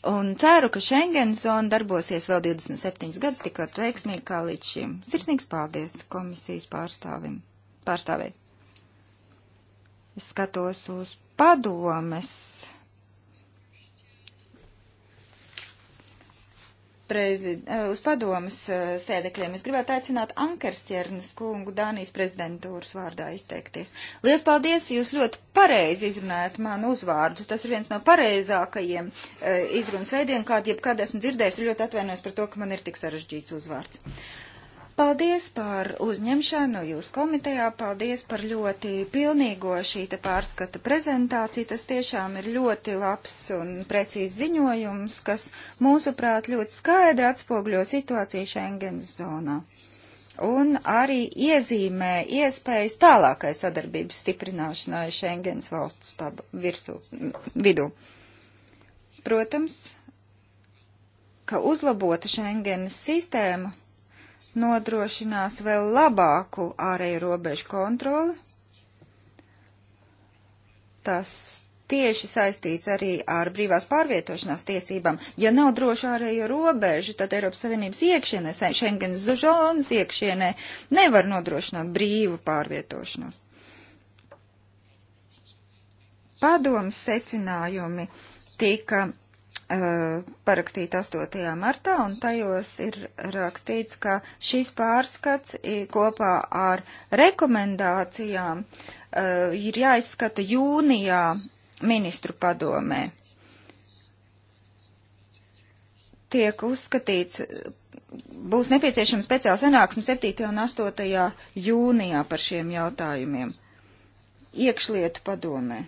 un ceru, ka Schengen zona darbosies vēl 27 gadus tikpat veiksmīgi kā līdz šim. Sirsnīgs paldies komisijas pārstāvim, pārstāvē. Es skatos uz padomes prezid, eh, uz padomas eh, sēdekļiem. Es gribētu aicināt Ankerstjernas kungu Dānijas prezidentūras vārdā izteikties. Lielas paldies, jūs ļoti pareizi izrunājat manu uzvārdu. Tas ir viens no pareizākajiem eh, izrunas veidiem, kādu jebkad esmu dzirdējis. Ļoti atvainojos par to, ka man ir tik sarežģīts uzvārds. Paldies par uzņemšanu jūs komitejā, paldies par ļoti pilnīgo šīta pārskata prezentāciju. Tas tiešām ir ļoti labs un precīzi ziņojums, kas mūsuprāt ļoti skaidri atspogļo situāciju Schengens zonā. Un arī iezīmē iespējas tālākai sadarbības stiprināšanai Schengens valstu stabu virsū, vidū. Protams, ka uzlabota Schengenas sistēma nodrošinās vēl labāku ārēju robežu kontroli. Tas tieši saistīts arī ar brīvās pārvietošanās tiesībām. Ja nav droši ārējo robežu, tad Eiropas Savienības iekšienē, Schengens zonas iekšienē nevar nodrošināt brīvu pārvietošanos. Padomas secinājumi tika Uh, parakstīta 8. martā, un tajos ir rakstīts, ka šīs pārskats kopā ar rekomendācijām uh, ir jāizskata jūnijā ministru padomē. Tiek uzskatīts, būs nepieciešama speciāla sanāksme 7. un 8. jūnijā par šiem jautājumiem. Iekšlietu padomē.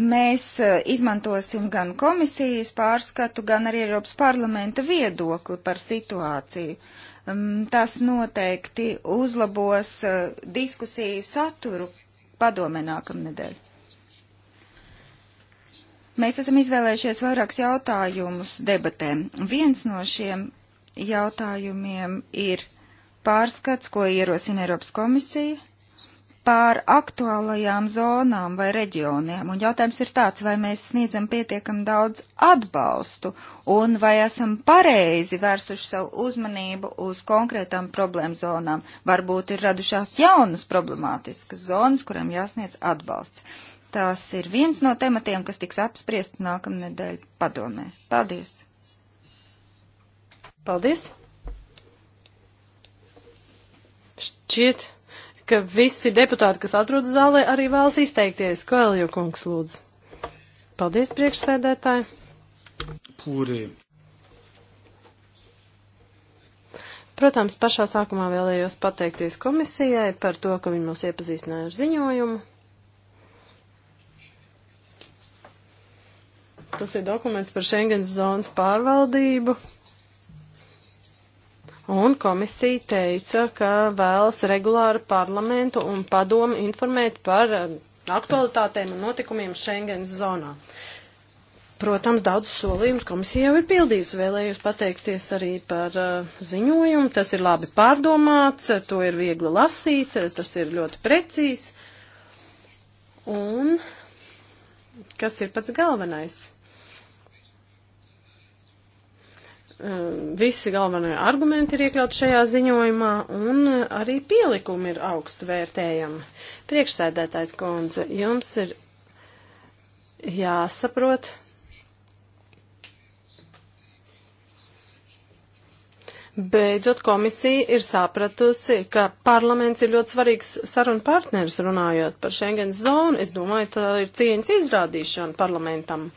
Mēs e, izmantosim gan komisijas pārskatu, gan arī Eiropas parlamenta viedokli par situāciju. Mm, tas noteikti uzlabos e, diskusiju saturu padomē nākamnedēļ. Mēs esam izvēlējušies vairākus jautājumus debatēm. Viens no šiem jautājumiem ir pārskats, ko ierosina Eiropas komisija pār aktuālajām zonām vai reģioniem. Un jautājums ir tāds, vai mēs sniedzam pietiekam daudz atbalstu un vai esam pareizi vērsuši savu uzmanību uz konkrētām problēmu zonām. Varbūt ir radušās jaunas problemātiskas zonas, kurām jāsniedz atbalsts. Tas ir viens no tematiem, kas tiks apspriests nākamnedēļ padomē. Paldies! Paldies! Šķiet, ka visi deputāti, kas atrodas zālē, arī vēlas izteikties. Koelju kungs, lūdzu. Paldies, priekšsēdētāji. Pūrī. Protams, pašā sākumā vēlējos pateikties komisijai par to, ka viņi mūs iepazīstināja ar ziņojumu. Tas ir dokuments par Schengens zonas pārvaldību un komisija teica, ka vēlas regulāri parlamentu un padomu informēt par eh, aktualitātēm un notikumiem Schengens zonā. Protams, daudz solījums komisija jau ir pildījusi. Vēlējos pateikties arī par uh, ziņojumu. Tas ir labi pārdomāts, to ir viegli lasīt, tas ir ļoti precīzs. Un kas ir pats galvenais? Eh, visi galvenie argumenti ir iekļauti šajā ziņojumā, un arī pielikumi ir augstu vērtējami. Priekšsēdētājs Gonze, jums ir jāsaprot. Beidzot, komisija ir sapratusi, ka parlaments ir ļoti svarīgs sarunu partneris runājot par Schengen zonu. Es domāju, tā ir cieņas izrādīšana parlamentam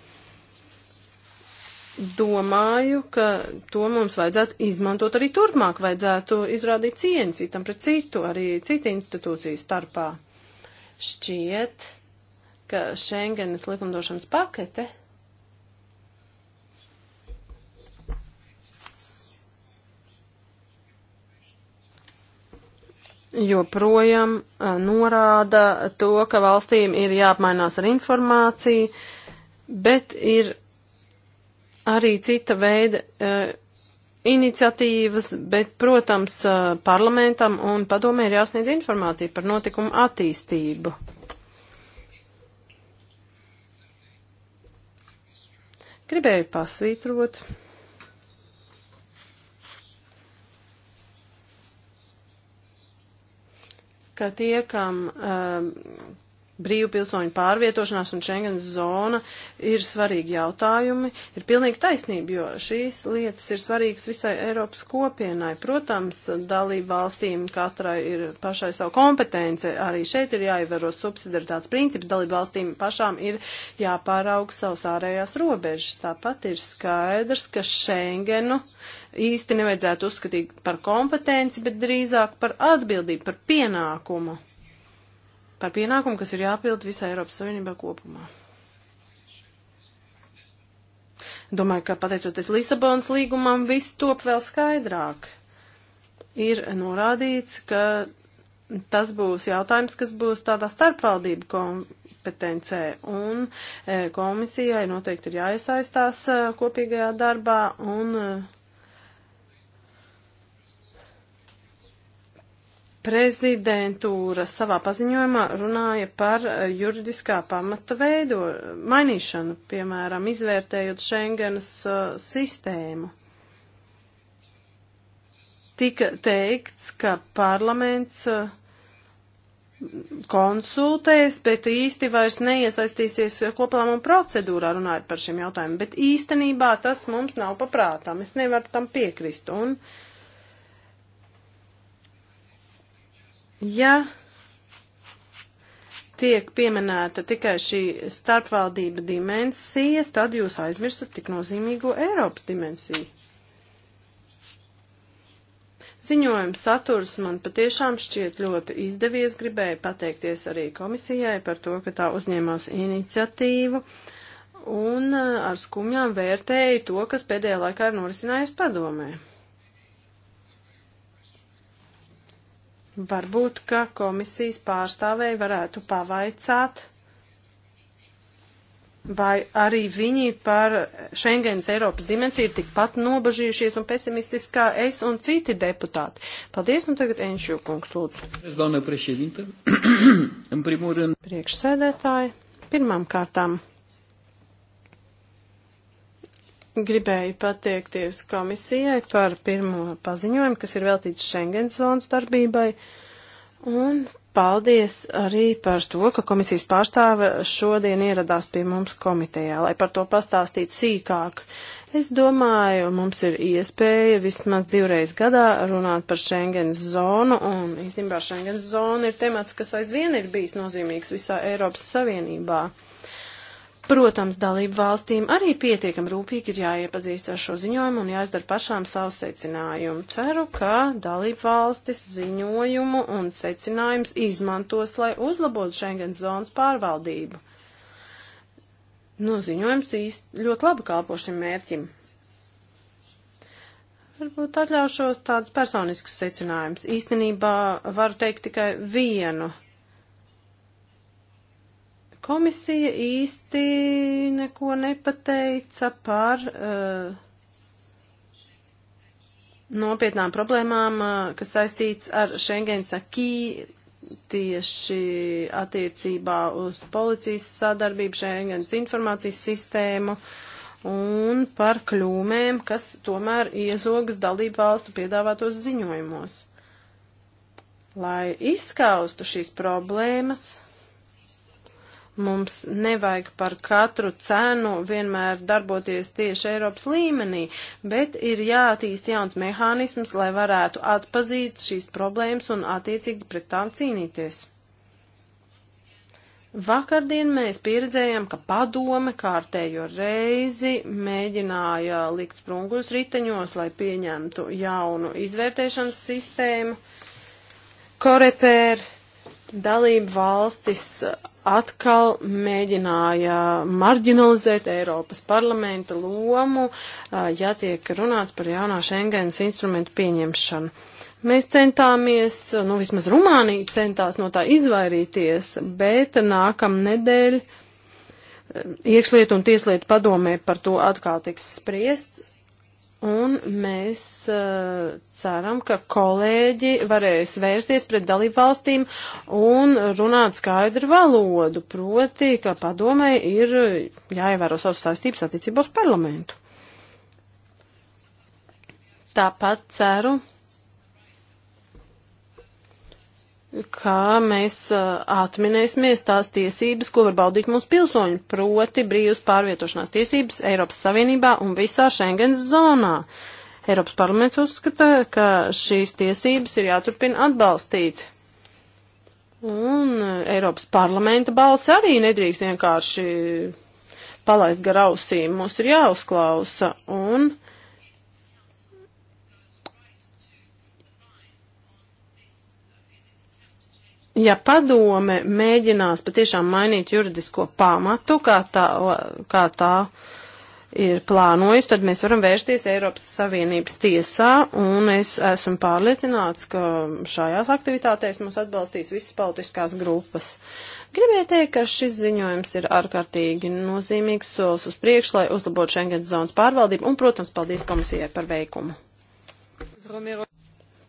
domāju, ka to mums vajadzētu izmantot arī turpmāk, vajadzētu izrādīt cieņu citam pret citu, arī citu institūciju starpā. Šķiet, ka Schengenes likumdošanas pakete joprojām norāda to, ka valstīm ir jāapmainās ar informāciju, bet ir arī cita veida uh, iniciatīvas, bet, protams, uh, parlamentam un padomē ir jāsniedz informācija par notikumu attīstību. Gribēju pasvītrot. ka tie, kam uh, brīvu pilsoņu pārvietošanās un Schengens zona ir svarīgi jautājumi, ir pilnīgi taisnība, jo šīs lietas ir svarīgas visai Eiropas kopienai. Protams, dalību valstīm katrai ir pašai savu kompetence, arī šeit ir jāievēro subsidaritātes princips, dalību valstīm pašām ir jāpārauga savus ārējās robežas. Tāpat ir skaidrs, ka Schengenu īsti nevajadzētu uzskatīt par kompetenci, bet drīzāk par atbildību, par pienākumu par pienākumu, kas ir jāpild visā Eiropas Savienībā kopumā. Domāju, ka pateicoties Lisabonas līgumam, viss top vēl skaidrāk. Ir norādīts, ka tas būs jautājums, kas būs tādā starpvaldību kompetencē, un e, komisijai noteikti ir jāiesaistās e, kopīgajā darbā, un e, prezidentūra savā paziņojumā runāja par eh, juridiskā pamata veido mainīšanu, piemēram, izvērtējot Schengenas uh, sistēmu. Tika teikts, ka parlaments uh, konsultēs, bet īsti vairs neiesaistīsies koplāmuma procedūrā runājot par šiem jautājumiem, bet īstenībā tas mums nav paprātām, es nevaru tam piekrist. Un, uh, Ja tiek pieminēta tikai šī starpvaldība dimensija, tad jūs aizmirstat tik nozīmīgo Eiropas dimensiju. Ziņojums saturs man patiešām šķiet ļoti izdevies, gribēju pateikties arī komisijai par to, ka tā uzņēmās iniciatīvu un eh, ar skumjām vērtēju to, kas pēdējā laikā ir norisinājies padomē. Varbūt, ka komisijas pārstāvēji varētu pavaicāt, vai arī viņi par Schengens Eiropas dimensiju ir tikpat nobažījušies un pesimistiski kā es un citi deputāti. Paldies, un tagad Enšiju kungs lūdzu. Priekšsēdētāji, pirmām kārtām Gribēju pateikties komisijai par pirmo paziņojumu, kas ir veltīts Schengenzonas darbībai, un paldies arī par to, ka komisijas pārstāve šodien ieradās pie mums komitejā, lai par to pastāstītu sīkāk. Es domāju, mums ir iespēja vismaz divreiz gadā runāt par Schengens zonu, un īstenībā Schengens zona ir temats, kas aizvien ir bijis nozīmīgs visā Eiropas Savienībā. Protams, dalību valstīm arī pietiekam rūpīgi ir jāiepazīst ar šo ziņojumu un jāizdara pašām savu secinājumu. Ceru, ka dalību valstis ziņojumu un secinājums izmantos, lai uzlabotu Schengen zonas pārvaldību. Nu, ziņojums īsti ļoti labi kalpo šim mērķim. Varbūt atļaušos tādus personiskus secinājumus. Īstenībā varu teikt tikai vienu – Komisija īsti neko nepateica par uh, nopietnām problēmām, uh, kas saistīts ar Schengens akī tieši attiecībā uz policijas sadarbību, Schengens informācijas sistēmu un par kļūmēm, kas tomēr iezogas dalību valstu piedāvātos ziņojumos. Lai izskaustu šīs problēmas, Mums nevajag par katru cenu vienmēr darboties tieši Eiropas līmenī, bet ir jātīst jauns mehānisms, lai varētu atpazīt šīs problēmas un attiecīgi pret tām cīnīties. Vakardien mēs pieredzējām, ka padome kārtējo reizi mēģināja likt sprungus riteņos, lai pieņemtu jaunu izvērtēšanas sistēmu. Korepēr dalību valstis atkal mēģināja marginalizēt Eiropas parlamenta lomu, ja tiek runāts par jaunā Schengens instrumentu pieņemšanu. Mēs centāmies, nu vismaz Rumānija centās no tā izvairīties, bet nākam nedēļ iekšlietu un tieslietu padomē par to atkal tiks spriest, Un mēs uh, ceram, ka kolēģi varēs vērsties pret dalību valstīm un runāt skaidru valodu, proti, ka padomē ir jāievēro savas saistības attiecībos parlamentu. Tāpat ceru, kā mēs atminēsimies tās tiesības, ko var baudīt mūsu pilsoņi, proti brīvas pārvietošanās tiesības Eiropas Savienībā un visā Schengens zonā. Eiropas parlaments uzskata, ka šīs tiesības ir jāturpina atbalstīt. Un Eiropas parlamenta balss arī nedrīkst vienkārši palaist gar ausīm. Mums ir jāuzklausa. Un ja padome mēģinās patiešām mainīt juridisko pamatu, kā tā, kā tā ir plānojusi, tad mēs varam vērsties Eiropas Savienības tiesā, un es esmu pārliecināts, ka šajās aktivitātēs mums atbalstīs visas politiskās grupas. Gribēju teikt, ka šis ziņojums ir ārkārtīgi nozīmīgs solis uz priekšu, lai uzlabotu Schengens zonas pārvaldību, un, protams, paldies komisijai par veikumu.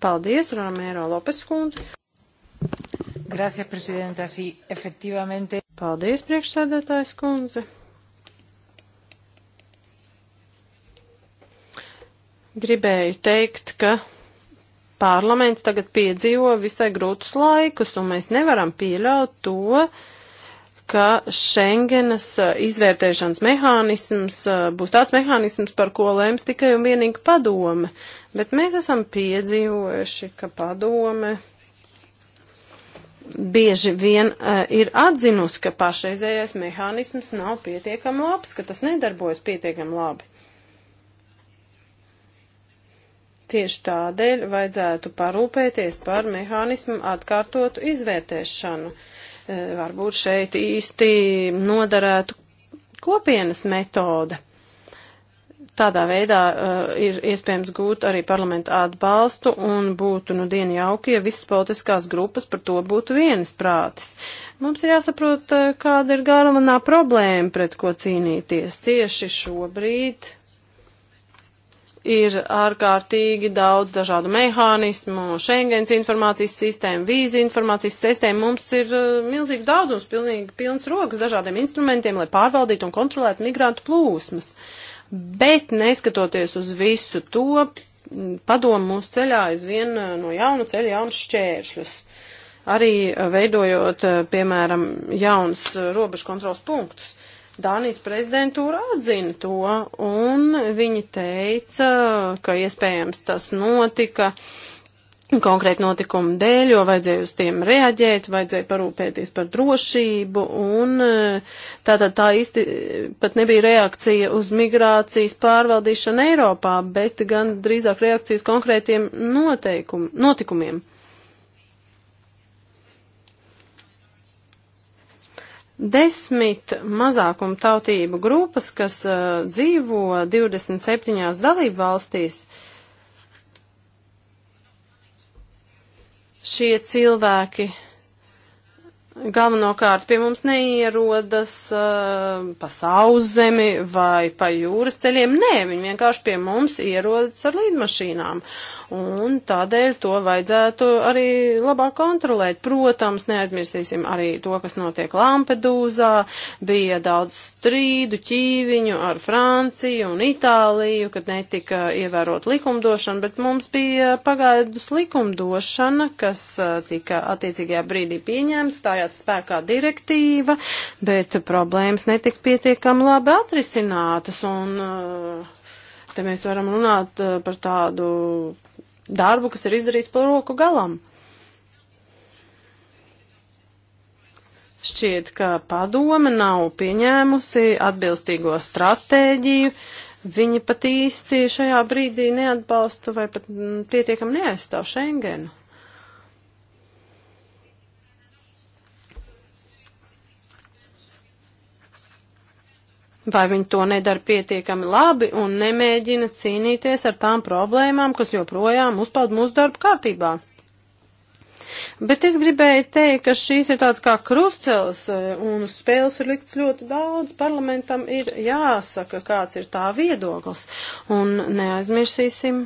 Paldies, Romero Lopes kundze. Gracias, prezidenta. Sí, efektivamente. Paldies, priekšsēdētājs kundze. Gribēju teikt, ka parlaments tagad piedzīvo visai grūtus laikus, un mēs nevaram pieļaut to, ka Schengenas uh, izvērtēšanas mehānisms uh, būs tāds mehānisms, par ko lēms tikai un vienīgi padome. Bet mēs esam piedzīvojuši, ka padome bieži vien uh, ir atzinusi, ka pašreizējais mehānisms nav pietiekami labs, ka tas nedarbojas pietiekami labi. Tieši tādēļ vajadzētu parūpēties par mehānismu atkārtotu izvērtēšanu. Uh, varbūt šeit īsti noderētu kopienas metode. Tādā veidā uh, ir iespējams gūt arī parlamentu atbalstu un būtu nu dienu jauki, ja visas politiskās grupas par to būtu vienas prātis. Mums ir jāsaprot, uh, kāda ir galvenā problēma, pret ko cīnīties tieši šobrīd ir ārkārtīgi daudz dažādu mehānismu, Schengens informācijas sistēma, vīzi informācijas sistēma. Mums ir uh, milzīgs daudzums, pilnīgi pilns rokas dažādiem instrumentiem, lai pārvaldītu un kontrolētu migrantu plūsmas. Bet neskatoties uz visu to, padomu mūsu ceļā aizvien eh, no jauna ceļa jaunas šķēršļus. Arī eh, veidojot, eh, piemēram, jaunas robežu kontrols punktus. Dānijas prezidentūra atzina to, un viņi teica, ka iespējams tas notika uh, konkrēti notikumu dēļ, jo vajadzēja uz tiem reaģēt, vajadzēja parūpēties par drošību, un eh, tātad tā īsti pat nebija reakcija uz migrācijas pārvaldīšanu Eiropā, bet gan drīzāk reakcijas konkrētiem noteikum, notikumiem. Desmit mazākumu tautību grupas, kas uh, dzīvo 27 dalību valstīs, uh, šie cilvēki galvenokārt pie mums neierodas uh, pa sauszemi vai pa jūras ceļiem. Nē, viņi vienkārši pie mums ierodas ar līdmašīnām un tādēļ to vajadzētu arī labāk kontrolēt. Protams, neaizmirsīsim arī to, kas notiek Lampedūzā, bija daudz strīdu, ķīviņu ar Franciju un Itāliju, kad netika ievērot likumdošanu, bet mums bija pagaidus likumdošana, kas tika attiecīgajā brīdī pieņemts, stājās spēkā direktīva, bet problēmas netika pietiekami labi atrisinātas. Un, Te mēs varam runāt par tādu darbu, kas ir izdarīts pa roku galam. Šķiet, ka padome nav pieņēmusi atbilstīgo stratēģiju, viņi pat īsti šajā brīdī neatbalsta vai pat mm, pietiekam neaizstāv Schengenu. vai viņi to nedara pietiekami labi un nemēģina cīnīties ar tām problēmām, kas joprojām uzpeld mūsu darba kārtībā. Bet es gribēju teikt, ka šīs ir tāds kā krustcels e, un uz spēles ir likts ļoti daudz. Parlamentam ir jāsaka, kāds ir tā viedoklis. Un neaizmirsīsim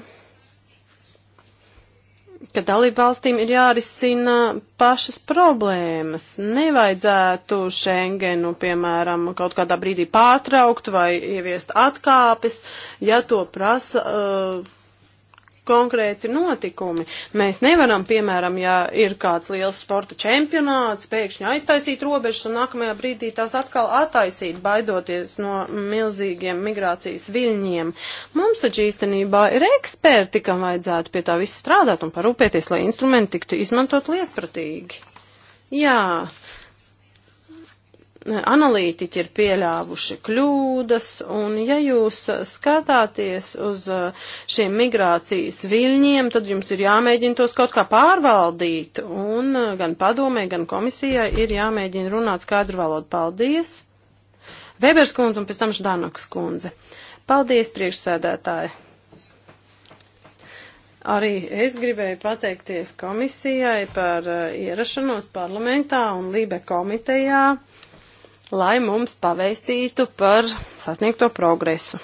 ka dalībvalstīm ir jārisina pašas problēmas. Nevajadzētu Schengenu, piemēram, kaut kādā brīdī pārtraukt vai ieviest atkāpes, ja to prasa. Uh, konkrēti notikumi. Mēs nevaram, piemēram, ja ir kāds liels sporta čempionāts, pēkšņi aiztaisīt robežas un nākamajā brīdī tās atkal attaisīt, baidoties no milzīgiem migrācijas viļņiem. Mums taču īstenībā ir eksperti, kam vajadzētu pie tā viss strādāt un parūpēties, lai instrumenti tiktu izmantot lietpratīgi. Jā, uh, analītiķi ir pieļāvuši kļūdas, un ja jūs skatāties uz uh, šiem migrācijas viļņiem, tad jums ir jāmēģina tos kaut kā pārvaldīt, un uh, gan padomē, gan komisijai ir jāmēģina runāt skaidru valodu. Paldies! Vebers kundze un pēc tam Ždanoks kundze. Paldies, priekšsēdētāji! Arī es gribēju pateikties komisijai par uh, ierašanos parlamentā un Lībe komitejā lai mums paveistītu par sasniegto progresu.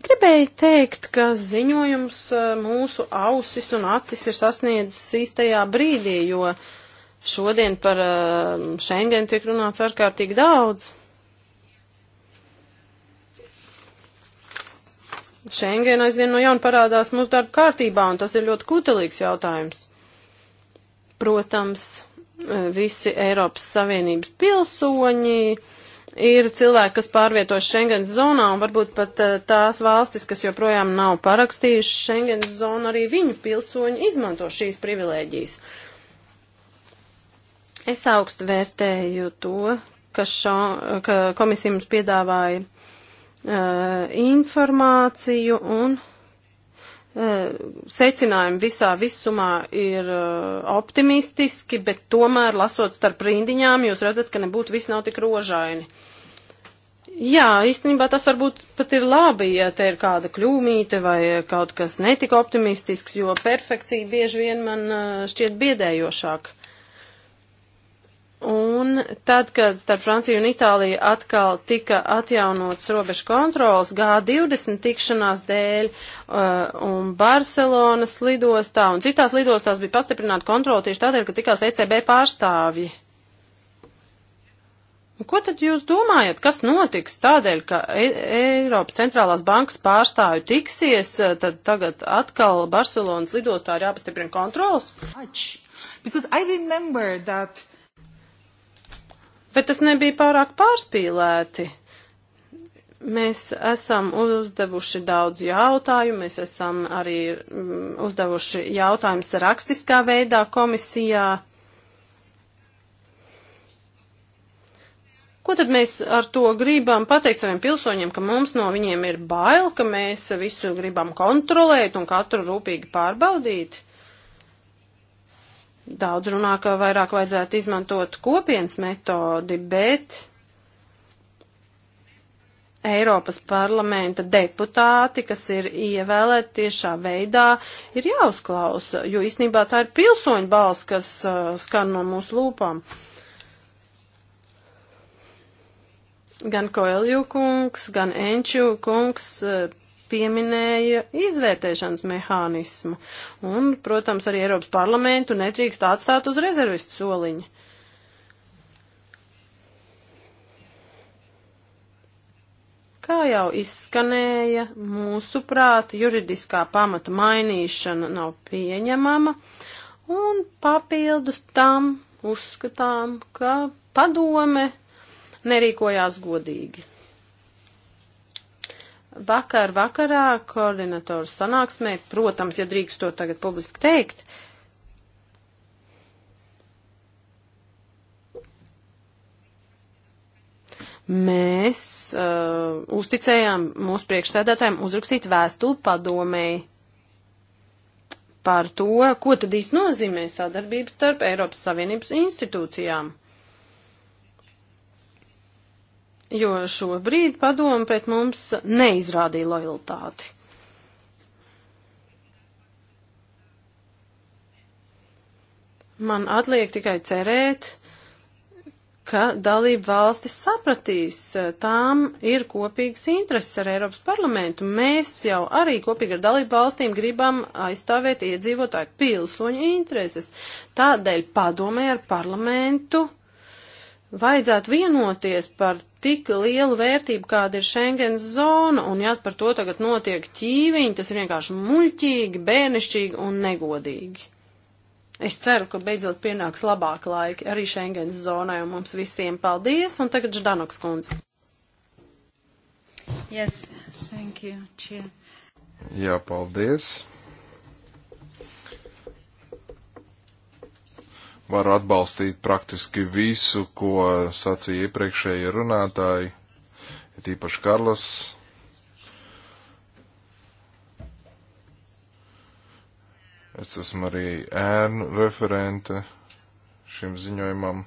Gribēju teikt, ka ziņojums eh, mūsu ausis un acis ir sasniedzis īstajā brīdī, jo šodien par eh, Schengen tiek runāts ārkārtīgi daudz. Schengen aizvien no jauna parādās mūsu darba kārtībā, un tas ir ļoti kutelīgs jautājums. Protams, visi Eiropas Savienības pilsoņi ir cilvēki, kas pārvietojas Schengen zonā, un varbūt pat eh, tās valstis, kas joprojām nav parakstījušas Schengen zonu, arī viņu pilsoņi izmanto šīs privilēģijas. Es augstu vērtēju to, ka, šo, ka komisija mums piedāvāja uh, informāciju un secinājumi visā visumā ir optimistiski, bet tomēr, lasot starp rindiņām, jūs redzat, ka nebūtu viss nav tik rožaini. Jā, īstenībā tas varbūt pat ir labi, ja te ir kāda kļūmīte vai kaut kas netika optimistisks, jo perfekcija bieži vien man šķiet biedējošāk. Un tad, kad starp Franciju un Itāliju atkal tika atjaunots robežu kontrols G20 tikšanās dēļ uh, un Barcelonas lidostā un citās lidostās bija pastiprināta kontrola tieši tādēļ, ka tikās ECB pārstāvji. Un ko tad jūs domājat, kas notiks tādēļ, ka e Eiropas centrālās bankas pārstāvi tiksies, uh, tad tagad atkal Barcelonas lidostā ir jāpastiprina kontrols? Because I remember that bet tas nebija pārāk pārspīlēti. Mēs esam uzdevuši daudz jautājumu, mēs esam arī mm, uzdevuši jautājumus rakstiskā veidā komisijā. Ko tad mēs ar to gribam pateikt saviem pilsoņiem, ka mums no viņiem ir bail, ka mēs visu gribam kontrolēt un katru rūpīgi pārbaudīt? Daudz runā, ka vairāk vajadzētu izmantot kopienas metodi, bet Eiropas parlamenta deputāti, kas ir ievēlēti tiešā veidā, ir jāuzklausa, jo īstenībā tā ir pilsoņu balss, kas uh, skan no mūsu lūpām. Gan Koelju kungs, gan Enču kungs uh, pieminēja izvērtēšanas mehānismu. Un, protams, arī Eiropas parlamentu netrīkst atstāt uz rezervistu soliņa. Kā jau izskanēja, mūsuprāt, juridiskā pamata mainīšana nav pieņemama, un papildus tam uzskatām, ka padome nerīkojās godīgi vakar vakarā koordinatoru sanāksmē, protams, ja drīkst to tagad publiski teikt, mēs uh, uzticējām mūsu priekšsēdētājiem uzrakstīt vēstuli padomēji par to, ko tad īsti nozīmē sadarbības starp Eiropas Savienības institūcijām jo šobrīd padomu pret mums neizrādīja lojalitāti. Man atliek tikai cerēt, ka dalību valstis sapratīs, eh, tām ir kopīgas intereses ar Eiropas parlamentu. Mēs jau arī kopīgi ar dalību valstīm gribam aizstāvēt iedzīvotāju pilsoņu intereses. Tādēļ padomē ar parlamentu vajadzētu vienoties par tik lielu vērtību, kāda ir Schengens zona, un ja par to tagad notiek ķīviņi, tas ir vienkārši muļķīgi, bērnišķīgi un negodīgi. Es ceru, ka beidzot pienāks labāk laiki arī Schengens zonai, un mums visiem paldies, un tagad Ždanoks kundze. Yes, thank you, cheer. Jā, paldies. varu atbalstīt praktiski visu, ko sacīja iepriekšēji runātāji, ir īpaši Karlas. Es esmu arī ēnu referente šim ziņojumam.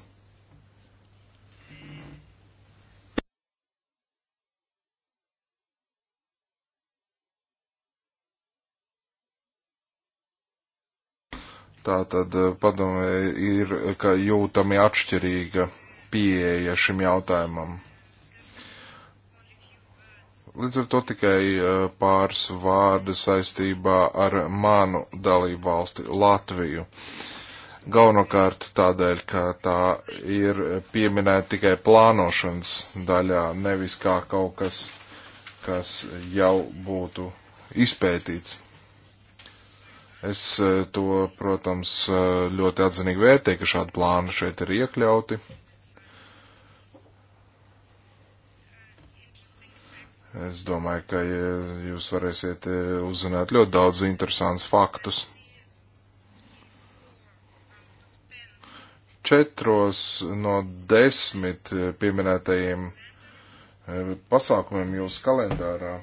Tā tad eh, padomē ir, ka jūtami atšķirīga pieeja šim jautājumam. Līdz ar to tikai eh, pāris vārdi saistībā ar manu dalību valsti Latviju. Galvenokārt tādēļ, ka tā ir pieminēta tikai plānošanas daļā, nevis kā kaut kas, kas jau būtu izpētīts. Es eh, to, protams, eh, ļoti atzinīgi vērtēju, ka šādi plāni šeit ir iekļauti. Es domāju, ka jūs varēsiet eh, uzzināt ļoti daudz interesants faktus. Četros no desmit pieminētajiem pasākumiem jūsu kalendārā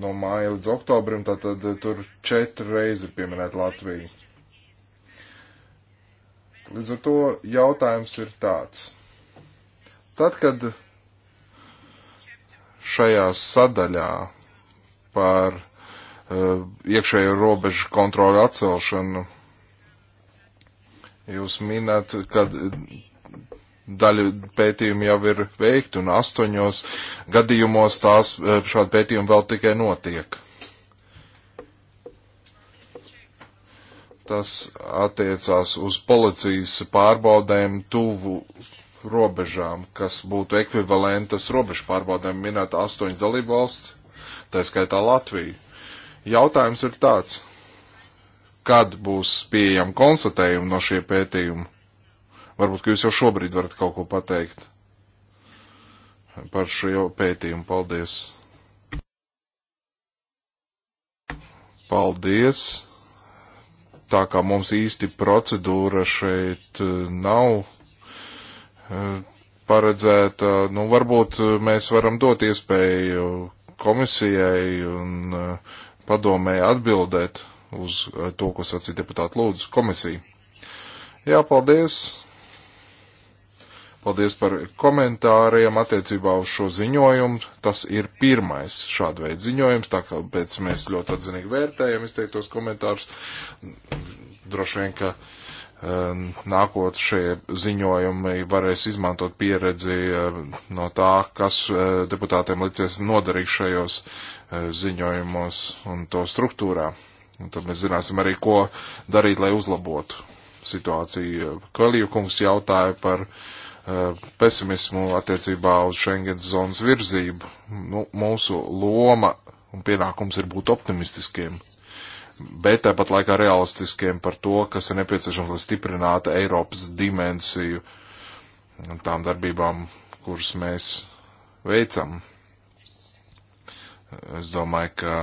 no māja līdz oktobrim, tad, tad eh, tur četri reizi ir pieminēta Latvija. Līdz ar to jautājums ir tāds. Tad, kad šajā sadaļā par uh, iekšējo robežu kontroli atcelšanu jūs minat, ka daļa pētījumu jau ir veikta, un astoņos gadījumos tās e, šādi pētījumi vēl tikai notiek. Tas attiecās uz policijas pārbaudēm tuvu robežām, kas būtu ekvivalentas robežu pārbaudēm minēta astoņas dalību valsts, tā skaitā Latvija. Jautājums ir tāds, kad būs pieejama konstatējuma no šie pētījuma? Varbūt, ka jūs jau šobrīd varat kaut ko pateikt par šo pētījumu. Paldies! Paldies! Tā kā mums īsti procedūra šeit eh, nav eh, paredzēta, nu varbūt eh, mēs varam dot iespēju komisijai un padomēji atbildēt uz to, ko sacīja deputāta Lūdzu komisija. Jā, paldies! Paldies par komentāriem attiecībā uz šo ziņojumu. Tas ir pirmais šāda veida ziņojums, tā kā pēc mēs ļoti atzinīgi vērtējam izteiktos komentārus. Droši vien, ka um, nākot šie ziņojumi varēs izmantot pieredzi um, no tā, kas uh, deputātiem licies noderīgi šajos uh, ziņojumos un to struktūrā. Un tad mēs zināsim arī, ko darīt, lai uzlabotu situāciju. Kalīju kungs jautāja par uh, Eh, pesimismu attiecībā uz Schengens zonas virzību. Nu, mūsu loma un pienākums ir būt optimistiskiem, bet tāpat laikā realistiskiem par to, kas ir nepieciešams, lai stiprinātu Eiropas dimensiju tām darbībām, kuras mēs veicam. Eh, es domāju, ka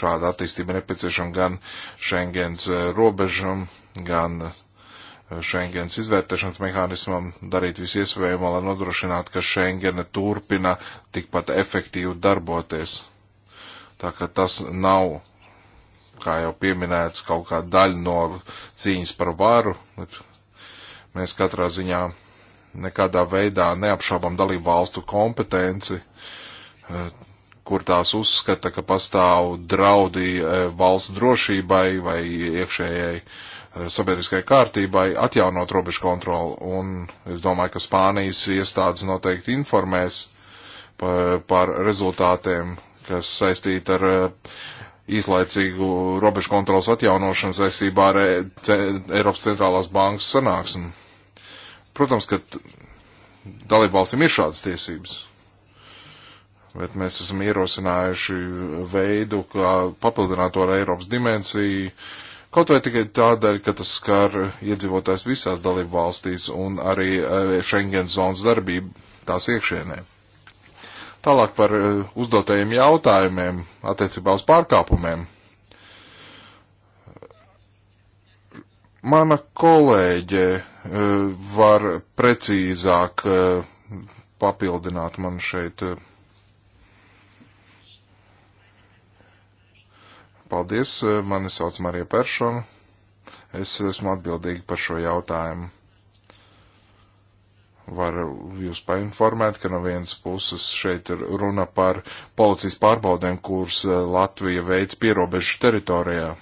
šāda attīstība nepieciešama gan Schengens eh, robežam, gan Schengens izvērtēšanas mehānismam darīt visu iespējamo, lai nodrošinātu, ka Schengena turpina tikpat efektīvi darboties. Tā ka tas nav, kā jau pieminēts, kaut kā daļa no cīņas par varu, bet mēs katrā ziņā nekādā veidā neapšaubam dalību valstu kompetenci, eh, kur tās uzskata, ka pastāv draudi eh, valsts drošībai vai iekšējai sabiedriskai kārtībai atjaunot robežu kontroli, un es domāju, ka Spānijas iestādes noteikti informēs par, par rezultātiem, kas saistīti ar eh, īslaicīgu robežu kontrolas atjaunošanu saistībā ar eh, Eiropas centrālās bankas sanāksmi. Protams, ka dalībvalstīm ir šādas tiesības. Bet mēs esam ierosinājuši veidu, kā papildināt to ar Eiropas dimensiju, uh, Kaut vai tikai tādēļ, ka tas skar iedzīvotājs visās dalību valstīs un arī eh, Schengen zonas darbību tās iekšienē. Tālāk par eh, uzdotajiem jautājumiem attiecībā uz pārkāpumiem. Mana kolēģe eh, var precīzāk papildināt man šeit Paldies, eh, mani sauc Marija Peršona. Es esmu atbildīgi par šo jautājumu. Varu jūs painformēt, ka no vienas puses šeit ir runa par policijas pārbaudēm, kuras eh, Latvija veids pierobežu teritorijā.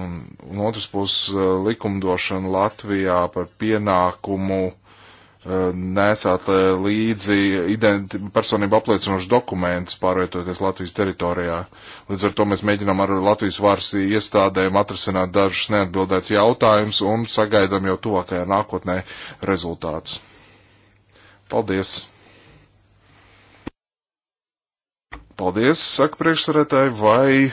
Un, un otrs puses eh, likumdošana Latvijā par pienākumu uh, nesāt eh, līdzi personību apliecinošu dokumentus, pārvietoties Latvijas teritorijā. Līdz ar to mēs mēģinām ar Latvijas varas iestādēm atrasināt dažus neatbildēts jautājumus un sagaidām jau tuvākajā nākotnē rezultāts. Paldies! Paldies, saka priekšsarētāji, vai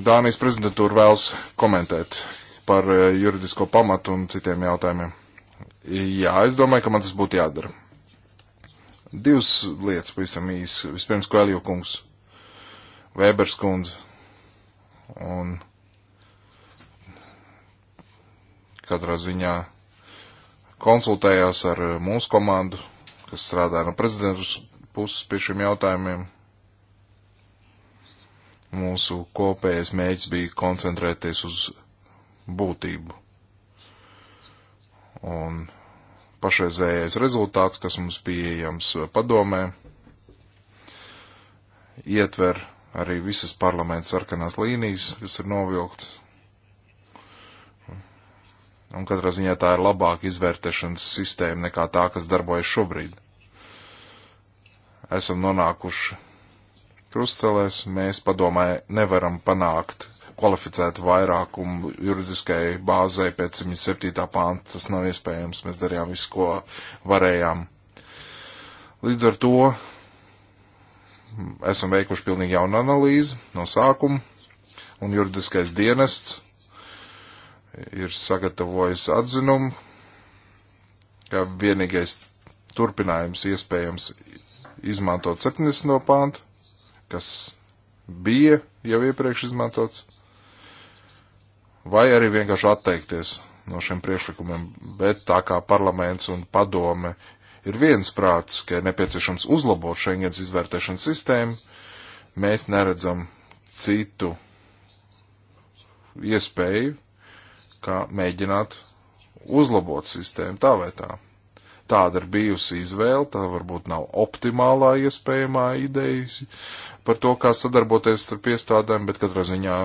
Dānijas prezidentūra vēlas komentēt par eh, juridisko pamatu un citiem jautājumiem. Jā, es domāju, ka man tas būtu jādara. Divas lietas pavisam īsi. Vispirms, ko Elio kungs, Vēbers kundze un katrā ziņā konsultējās ar mūsu komandu, kas strādā no prezidentus puses pie šiem jautājumiem. Mūsu kopējais mēģis bija koncentrēties uz būtību. Un pašreizējais rezultāts, kas mums pieejams padomē, ietver arī visas parlamenta sarkanās līnijas, kas ir novilktas. Un katrā ziņā tā ir labāka izvērtēšanas sistēma nekā tā, kas darbojas šobrīd. Esam nonākuši krustcelēs, mēs padomē nevaram panākt kvalificētu vairākumu juridiskai bāzē pēc 107. pānta. Tas nav iespējams. Mēs darījām visu, ko varējām. Līdz ar to esam veikuši pilnīgi jaunu analīzi no sākuma, un juridiskais dienests ir sagatavojis atzinumu, ka vienīgais turpinājums iespējams izmantot 70. pāntu, kas bija jau iepriekš izmantots, vai arī vienkārši atteikties no šiem priekšlikumiem, bet tā kā parlaments un padome ir viensprāts, ka ir nepieciešams uzlabot Schengens izvērtēšanas sistēmu, mēs neredzam citu iespēju, kā mēģināt uzlabot sistēmu tā vai tā. Tāda ir bijusi izvēle, tā varbūt nav optimālā iespējamā ideja par to, kā sadarboties ar piestādēm, bet katrā ziņā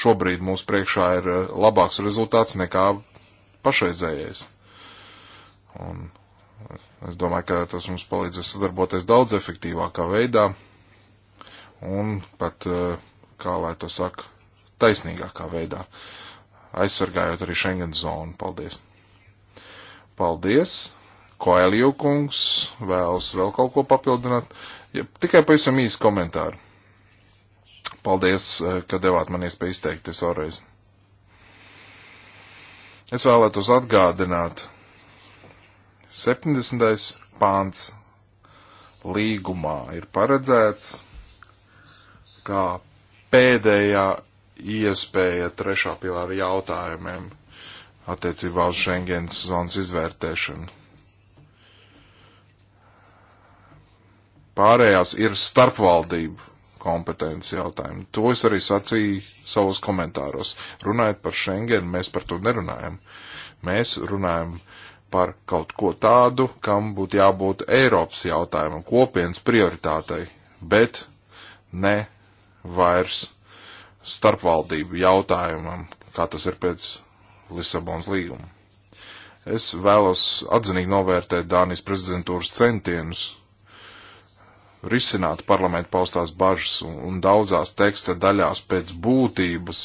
šobrīd mūsu priekšā ir eh, labāks rezultāts nekā pašreizējais. Un eh, es domāju, ka tas mums palīdzēs sadarboties daudz efektīvākā veidā un pat, eh, kā lai to saka, taisnīgākā veidā, aizsargājot arī Schengen zonu. Paldies! Paldies! Koeliju kungs vēlas vēl kaut ko papildināt. Ja, tikai pavisam īsi komentāru. Paldies, eh, ka devāt man iespēju izteikties vēlreiz. Es vēlētos atgādināt 70. pāns līgumā ir paredzēts kā pēdējā iespēja trešā pilāra jautājumiem attiecībā uz Schengens zonas izvērtēšanu. Pārējās ir starpvaldību kompetences jautājumu. To es arī sacīju savos komentāros. Runājot par Schengen, mēs par to nerunājam. Mēs runājam par kaut ko tādu, kam būtu jābūt Eiropas jautājumam, kopienas prioritātei, bet ne vairs starpvaldību jautājumam, kā tas ir pēc Lisabonas līguma. Es vēlos atzinīgi novērtēt Dānijas prezidentūras centienus risināt parlamentu paustās bažas un, un daudzās teksta daļās pēc būtības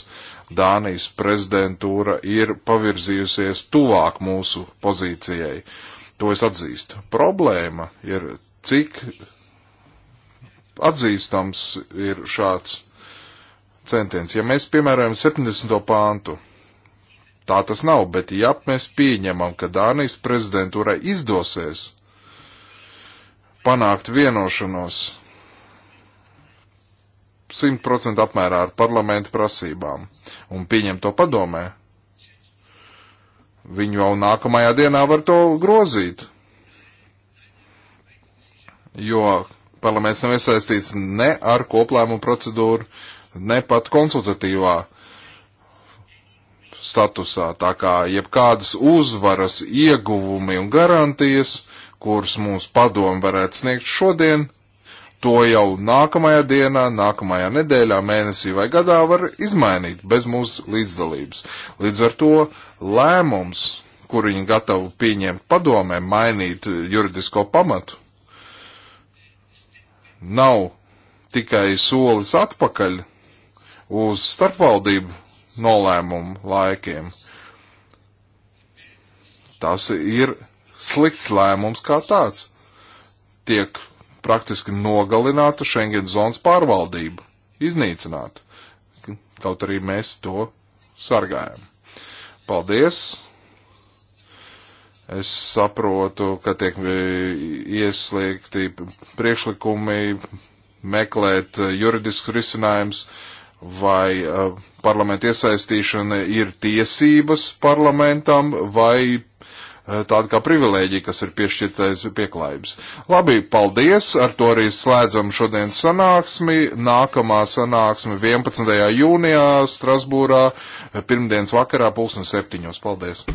Dānijas prezidentūra ir pavirzījusies tuvāk mūsu pozīcijai. To es atzīstu. Problēma ir, cik atzīstams ir šāds centiens. Ja mēs piemērojam 70. pāntu, tā tas nav, bet ja mēs pieņemam, ka Dānijas prezidentūrai izdosies panākt vienošanos 100% apmērā ar parlamentu prasībām un pieņemt to padomē, viņu jau nākamajā dienā var to grozīt. Jo parlaments nav iesaistīts ne ar koplēmu procedūru, ne pat konsultatīvā statusā, tā kā jebkādas uzvaras, ieguvumi un garantijas kurus mums padomu varētu sniegt šodien, to jau nākamajā dienā, nākamajā nedēļā, mēnesī vai gadā var izmainīt bez mūsu līdzdalības. Līdz ar to lēmums, kur viņi gatavi pieņemt padomē, mainīt juridisko pamatu, nav tikai solis atpakaļ uz starpvaldību nolēmumu laikiem. Tas ir slikts lēmums kā tāds. Tiek praktiski nogalināta Schengen zonas pārvaldība, iznīcināta, kaut arī mēs to sargājam. Paldies! Es saprotu, ka tiek iesliegti priekšlikumi meklēt eh, juridiskus risinājumus vai eh, parlamentu iesaistīšana ir tiesības parlamentam vai uh, Eh, tāda kā privilēģija, kas ir piešķirtais pieklājības. Labi, paldies, ar to arī slēdzam šodien sanāksmi. Nākamā sanāksme 11. jūnijā Strasbūrā, eh, pirmdienas vakarā, pulksten septiņos. Paldies!